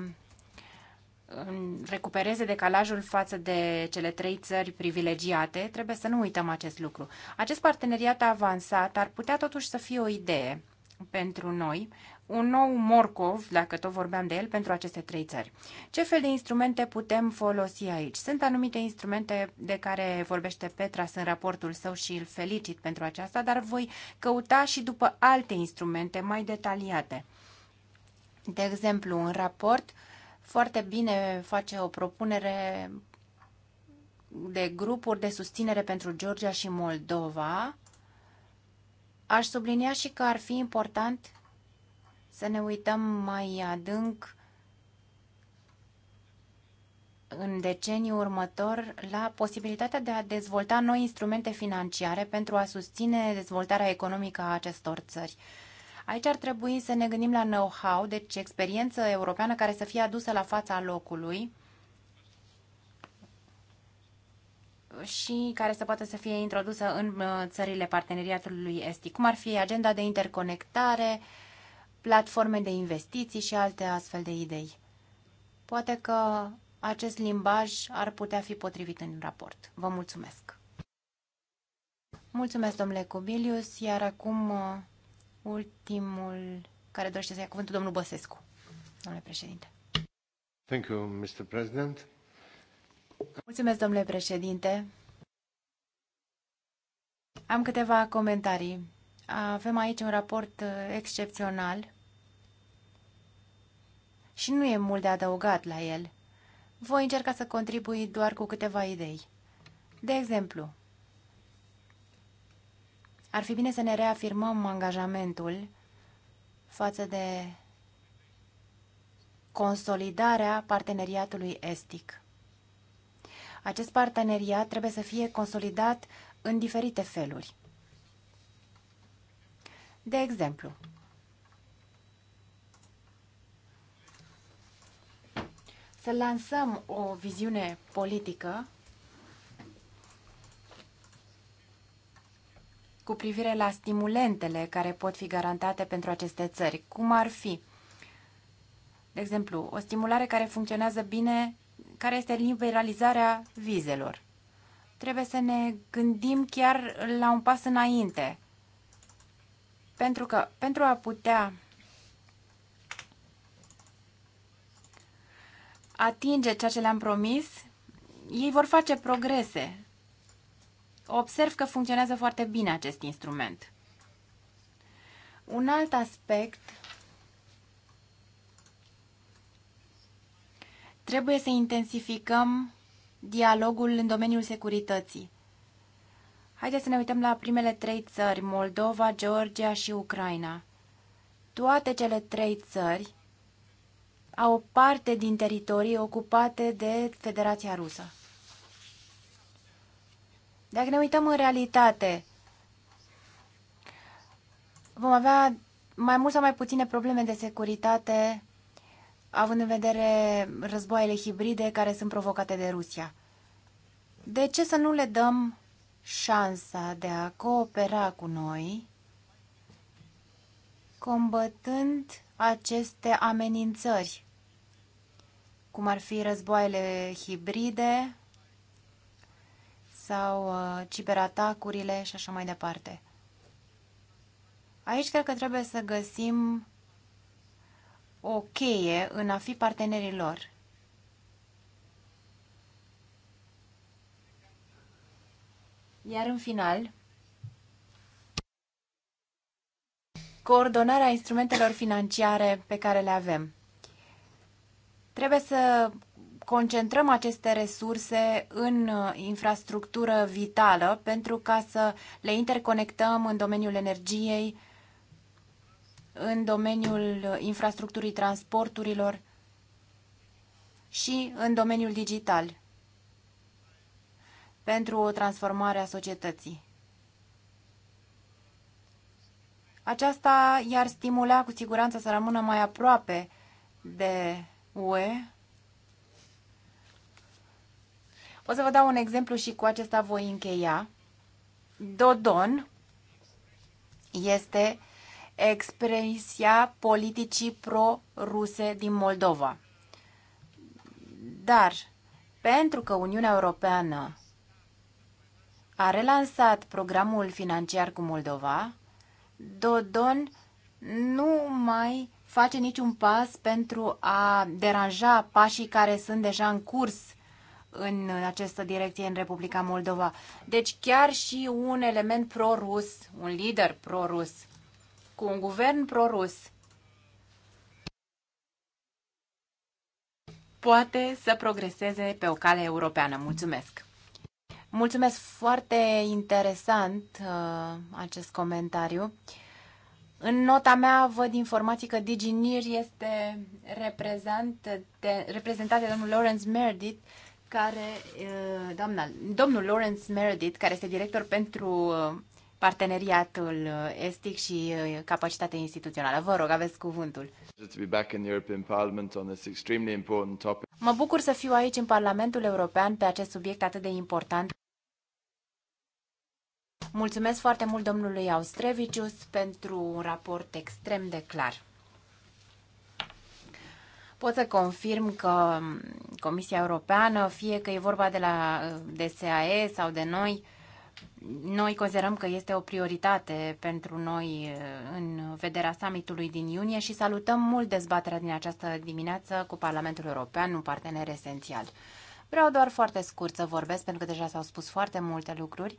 recupereze decalajul față de cele trei țări privilegiate, trebuie să nu uităm acest lucru. Acest parteneriat avansat ar putea totuși să fie o idee pentru noi un nou morcov, dacă tot vorbeam de el, pentru aceste trei țări. Ce fel de instrumente putem folosi aici? Sunt anumite instrumente de care vorbește Petras în raportul său și îl felicit pentru aceasta, dar voi căuta și după alte instrumente mai detaliate. De exemplu, în raport foarte bine face o propunere de grupuri de susținere pentru Georgia și Moldova. Aș sublinia și că ar fi important să ne uităm mai adânc în deceniul următor la posibilitatea de a dezvolta noi instrumente financiare pentru a susține dezvoltarea economică a acestor țări. Aici ar trebui să ne gândim la know-how, deci experiență europeană care să fie adusă la fața locului și care să poată să fie introdusă în uh, țările parteneriatului estic, cum ar fi agenda de interconectare, uh, platforme de investiții și alte astfel de idei. Poate că acest limbaj ar putea fi potrivit în raport. Vă mulțumesc! Mulțumesc, domnule Cobilius. iar acum uh, ultimul care dorește să ia cuvântul, domnul Băsescu, domnule președinte. Thank you, Mr. President. Mulțumesc, domnule președinte. Am câteva comentarii. Avem aici un raport uh, excepțional și nu e mult de adăugat la el. Voi încerca să contribui doar cu câteva idei. De exemplu, ar fi bine să ne reafirmăm angajamentul față de consolidarea parteneriatului estic. Acest parteneriat trebuie să fie consolidat în diferite feluri. De exemplu, să lansăm o viziune politică cu privire la stimulentele care pot fi garantate pentru aceste țări. Cum ar fi, de exemplu, o stimulare care funcționează bine, care este liberalizarea vizelor. Trebuie să ne gândim chiar la un pas înainte. Pentru că pentru a putea atinge ceea ce le-am promis, ei vor face progrese. Observ că funcționează foarte bine acest instrument. Un alt aspect trebuie să intensificăm dialogul în domeniul securității. Haideți să ne uităm la primele trei țări, Moldova, Georgia și Ucraina. Toate cele trei țări a o parte din teritorii ocupate de Federația Rusă. Dacă ne uităm în realitate, vom avea mai mult sau mai puține probleme de securitate, având în vedere războaiele hibride care sunt provocate de Rusia. De ce să nu le dăm șansa de a coopera cu noi, combătând aceste amenințări cum ar fi războaiele hibride sau uh, ciberatacurile și așa mai departe. Aici cred că trebuie să găsim o cheie în a fi partenerii lor. Iar în final, coordonarea instrumentelor financiare pe care le avem. Trebuie să concentrăm aceste resurse în uh, infrastructură vitală pentru ca să le interconectăm în domeniul energiei, în domeniul uh, infrastructurii transporturilor și în domeniul digital pentru o transformare a societății. Aceasta i-ar stimula cu siguranță să rămână mai aproape de UE. O să vă dau un exemplu și cu acesta voi încheia. Dodon este expresia politicii pro-ruse din Moldova. Dar pentru că Uniunea Europeană a relansat programul financiar cu Moldova, Dodon nu mai face niciun pas pentru a deranja pașii care sunt deja în curs în această direcție în Republica Moldova. Deci chiar și un element pro pro-rus, un lider pro pro-rus, cu un guvern pro pro-rus, poate să progreseze pe o cale europeană. Mulțumesc! Mulțumesc foarte interesant uh, acest comentariu. Uh, în nota mea văd informații că DigiNIR este reprezentat de, de domnul Lawrence Meredith, care, uh, doamna, domnul Lawrence Meredith, care este director pentru uh, parteneriatul uh, estic și capacitatea instituțională. Vă rog, aveți cuvântul. Mă bucur să fiu aici în Parlamentul European pe acest subiect atât de important. Mulțumesc foarte mult domnului Austrevicius pentru un raport extrem de clar. Pot să confirm că Comisia Europeană, fie că e vorba de la DSAE sau de noi, noi considerăm că este o prioritate pentru noi uh, în vederea summitului din iunie și salutăm mult dezbaterea din această dimineață cu Parlamentul European, un partener esențial. Vreau doar foarte scurt să vorbesc, pentru că deja s-au spus foarte multe lucruri.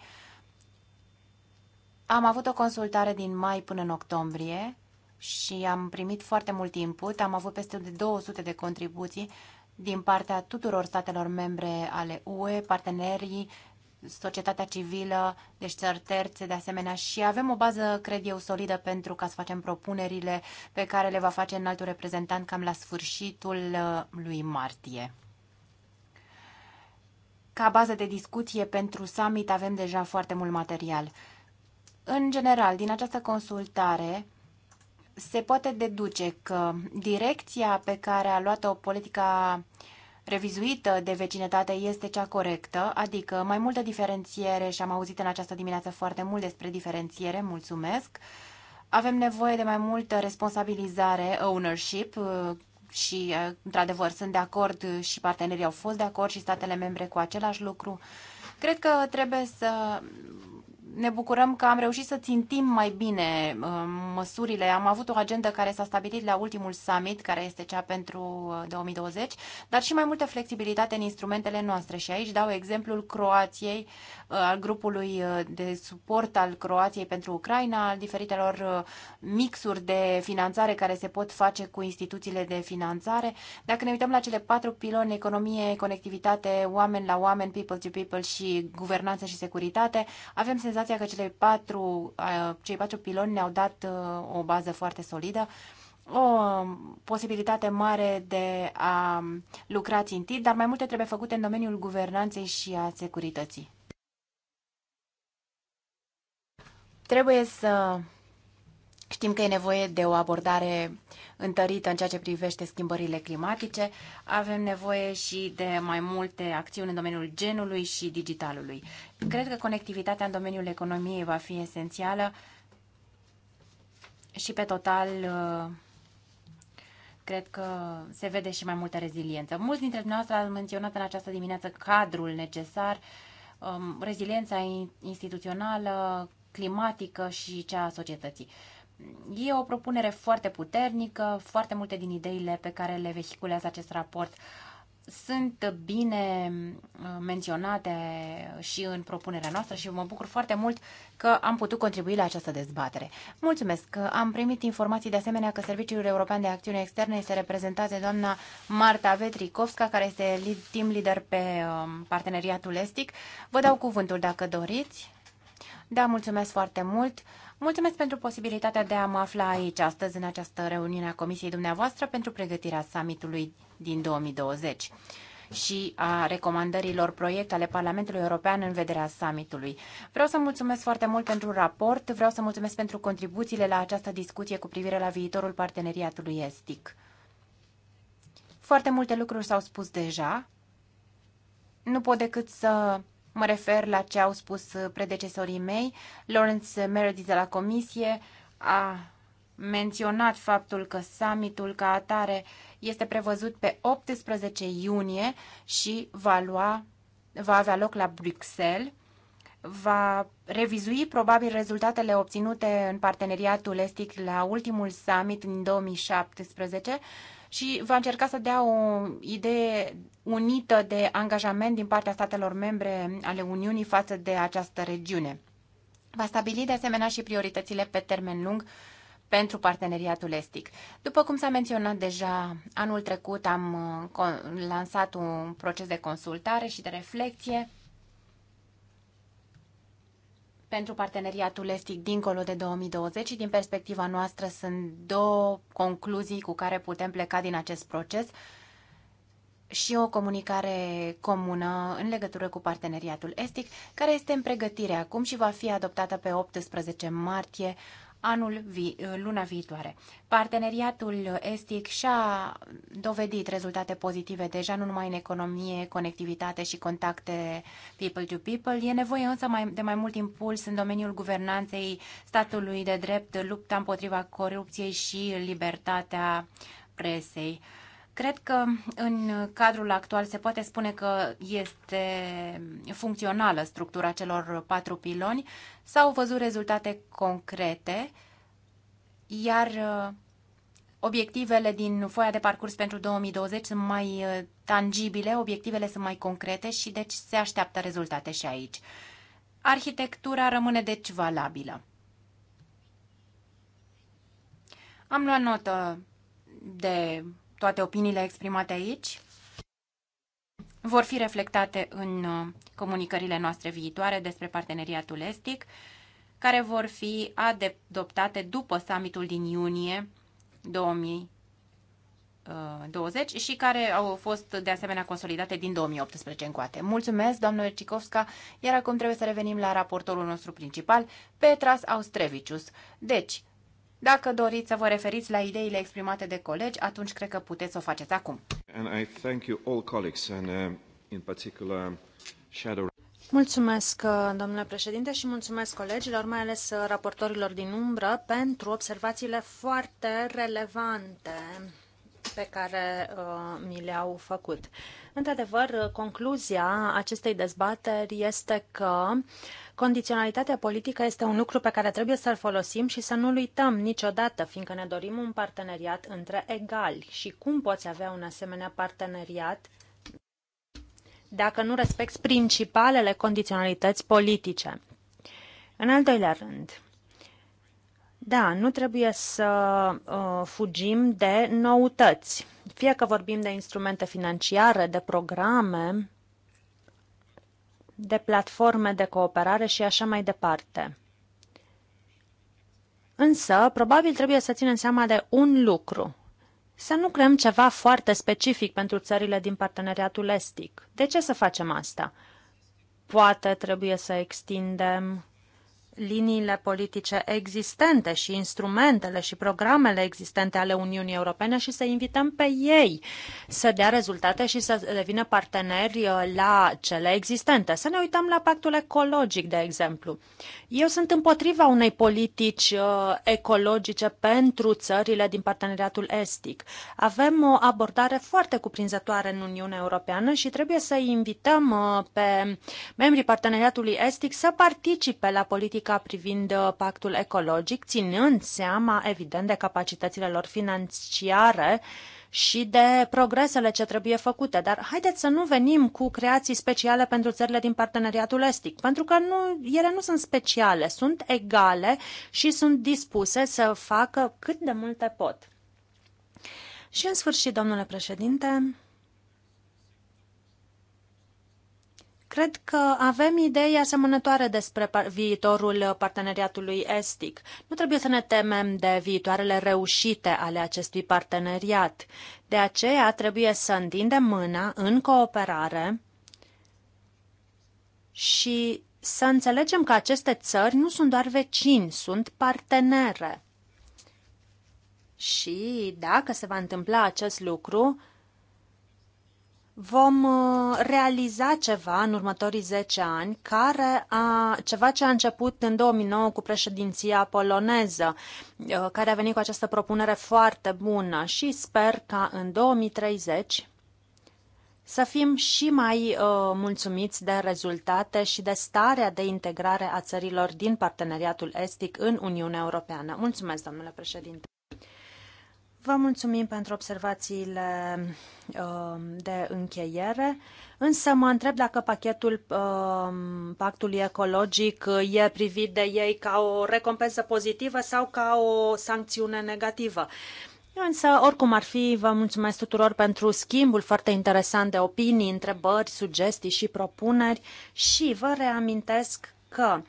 Am avut o consultare din mai până în octombrie și am primit foarte mult input. Am avut peste de 200 de contribuții din partea tuturor statelor membre ale UE, partenerii, societatea civilă, deci țări terțe de asemenea și avem o bază, cred eu, solidă pentru ca să facem propunerile pe care le va face în altul reprezentant cam la sfârșitul uh, lui martie. Ca bază de discuție pentru summit avem deja foarte mult material. În general, din această consultare se poate deduce că direcția pe care a luat-o politica revizuită de vecinătate este cea corectă, adică mai multă diferențiere și am auzit în această dimineață foarte mult despre diferențiere, mulțumesc. Avem nevoie de mai multă responsabilizare, ownership și, într-adevăr, sunt de acord și partenerii au fost de acord și statele membre cu același lucru. Cred că trebuie să ne bucurăm că am reușit să țintim mai bine uh, măsurile. Am avut o agendă care s-a stabilit la ultimul summit, care este cea pentru 2020, uh, dar și mai multă flexibilitate în instrumentele noastre. Și aici dau exemplul Croației, uh, al grupului de suport al Croației pentru Ucraina, al diferitelor mixuri de finanțare care se pot face cu instituțiile de finanțare. Dacă ne uităm la cele patru piloni, economie, conectivitate, oameni la oameni, people to people și guvernanță și securitate, avem senzația senzația că cele patru, cei patru piloni ne-au dat uh, o bază foarte solidă, o posibilitate mare de a lucra țintit, dar mai multe trebuie făcute în domeniul guvernanței și a securității. Trebuie să Știm că e nevoie de o abordare întărită în ceea ce privește schimbările climatice. Avem nevoie și de mai multe acțiuni în domeniul genului și digitalului. Cred că conectivitatea în domeniul economiei va fi esențială și pe total uh, cred că se vede și mai multă reziliență. Mulți dintre dumneavoastră ați menționat în această dimineață cadrul necesar, um, reziliența instituțională, climatică și cea a societății. E o propunere foarte puternică, foarte multe din ideile pe care le vehiculează acest raport sunt bine uh, menționate și în propunerea noastră și mă bucur foarte mult că am putut contribui la această dezbatere. Mulțumesc! Am primit informații de asemenea că Serviciul European de Acțiune Externă este reprezentat de doamna Marta Vetrikovska, care este team leader pe um, parteneriatul estic. Vă dau cuvântul dacă doriți. Da, mulțumesc foarte mult! Mulțumesc pentru posibilitatea de a mă afla aici astăzi în această reuniune a Comisiei dumneavoastră pentru pregătirea summitului din 2020 și a recomandărilor proiect ale Parlamentului European în vederea summitului. Vreau să mulțumesc foarte mult pentru raport, vreau să mulțumesc pentru contribuțiile la această discuție cu privire la viitorul parteneriatului estic. Foarte multe lucruri s-au spus deja. Nu pot decât să Mă refer la ce au spus predecesorii mei. Lawrence Meredith de la Comisie a menționat faptul că summitul ca atare este prevăzut pe 18 iunie și va, lua, va avea loc la Bruxelles. Va revizui probabil rezultatele obținute în parteneriatul estic la ultimul summit din 2017 și va încerca să dea o idee unită de angajament din partea statelor membre ale Uniunii față de această regiune. Va stabili de asemenea și prioritățile pe termen lung pentru parteneriatul estic. După cum s-a menționat deja, anul trecut am uh, lansat un proces de consultare și de reflexie pentru parteneriatul estic dincolo de 2020 și din perspectiva noastră sunt două concluzii cu care putem pleca din acest proces și o comunicare comună în legătură cu parteneriatul estic, care este în pregătire acum și va fi adoptată pe 18 martie anul vi- uh, luna viitoare. Parteneriatul estic și-a dovedit rezultate pozitive deja nu numai în economie, conectivitate și contacte people to people. E nevoie însă mai, de mai mult impuls în domeniul guvernanței statului de drept, lupta împotriva corupției și libertatea presei. Cred că în cadrul actual se poate spune că este funcțională structura celor patru piloni. S-au văzut rezultate concrete, iar uh, obiectivele din foaia de parcurs pentru 2020 sunt mai uh, tangibile, obiectivele sunt mai concrete și deci se așteaptă rezultate și aici. Arhitectura rămâne deci valabilă. Am luat notă de toate opiniile exprimate aici vor fi reflectate în uh, comunicările noastre viitoare despre parteneriatul estic, care vor fi adoptate după summitul din iunie 2020 uh, și care au fost de asemenea consolidate din 2018 încoate. Mulțumesc, doamnă Ercicovska, iar acum trebuie să revenim la raportorul nostru principal, Petras Austrevicius. Deci, dacă doriți să vă referiți la ideile exprimate de colegi, atunci cred că puteți să o faceți acum. Mulțumesc, domnule președinte, și mulțumesc colegilor, mai ales uh, raportorilor din umbră, pentru observațiile foarte relevante pe care uh, mi le-au făcut. Într-adevăr, uh, concluzia acestei dezbateri este că Condiționalitatea politică este un lucru pe care trebuie să-l folosim și să nu-l uităm niciodată, fiindcă ne dorim un parteneriat între egali. Și cum poți avea un asemenea parteneriat dacă nu respecti principalele condiționalități politice? În al doilea rând, da, nu trebuie să uh, fugim de noutăți. Fie că vorbim de instrumente financiare, de programe, de platforme de cooperare și așa mai departe. Însă, probabil trebuie să ținem seama de un lucru. Să nu creăm ceva foarte specific pentru țările din parteneriatul estic. De ce să facem asta? Poate trebuie să extindem liniile politice existente și instrumentele și programele existente ale Uniunii Europene și să invităm pe ei să dea rezultate și să devină parteneri uh, la cele existente. Să ne uităm la pactul ecologic, de exemplu. Eu sunt împotriva unei politici uh, ecologice pentru țările din parteneriatul estic. Avem o abordare foarte cuprinzătoare în Uniunea Europeană și trebuie să invităm uh, pe membrii parteneriatului estic să participe la politica politica privind uh, pactul ecologic, ținând seama, evident, de capacitățile lor financiare și de progresele ce trebuie făcute. Dar haideți să nu venim cu creații speciale pentru țările din parteneriatul estic, pentru că nu, ele nu sunt speciale, sunt egale și sunt dispuse să facă cât de multe pot. Și în sfârșit, domnule președinte, Cred că avem idei asemănătoare despre viitorul parteneriatului estic. Nu trebuie să ne temem de viitoarele reușite ale acestui parteneriat. De aceea trebuie să întindem mâna în cooperare și să înțelegem că aceste țări nu sunt doar vecini, sunt partenere. Și dacă se va întâmpla acest lucru, vom uh, realiza ceva în următorii 10 ani, care a, ceva ce a început în 2009 cu președinția poloneză, uh, care a venit cu această propunere foarte bună și sper ca în 2030 să fim și mai uh, mulțumiți de rezultate și de starea de integrare a țărilor din parteneriatul estic în Uniunea Europeană. Mulțumesc, domnule președinte! Vă mulțumim pentru observațiile um, de încheiere, însă mă întreb dacă pachetul um, pactului ecologic e privit de ei ca o recompensă pozitivă sau ca o sancțiune negativă. Însă, oricum ar fi, vă mulțumesc tuturor pentru schimbul foarte interesant de opinii, întrebări, sugestii și propuneri și vă reamintesc că uh,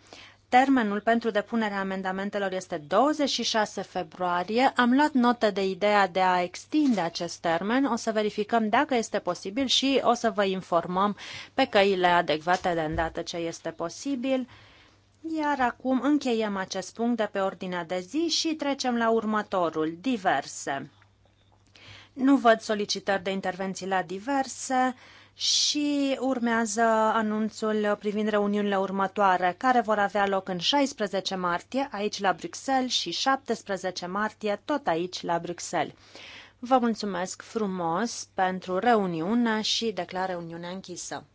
Termenul pentru depunerea amendamentelor este 26 februarie. Am luat notă de ideea de a extinde acest termen. O să verificăm dacă este posibil și o să vă informăm pe căile adecvate de îndată ce este posibil. Iar acum încheiem acest punct de pe ordinea de zi și trecem la următorul, diverse. Nu văd solicitări de intervenții la diverse și urmează anunțul privind reuniunile următoare, care vor avea loc în 16 martie, aici la Bruxelles, și 17 martie, tot aici la Bruxelles. Vă mulțumesc frumos pentru reuniune și declar reuniunea închisă.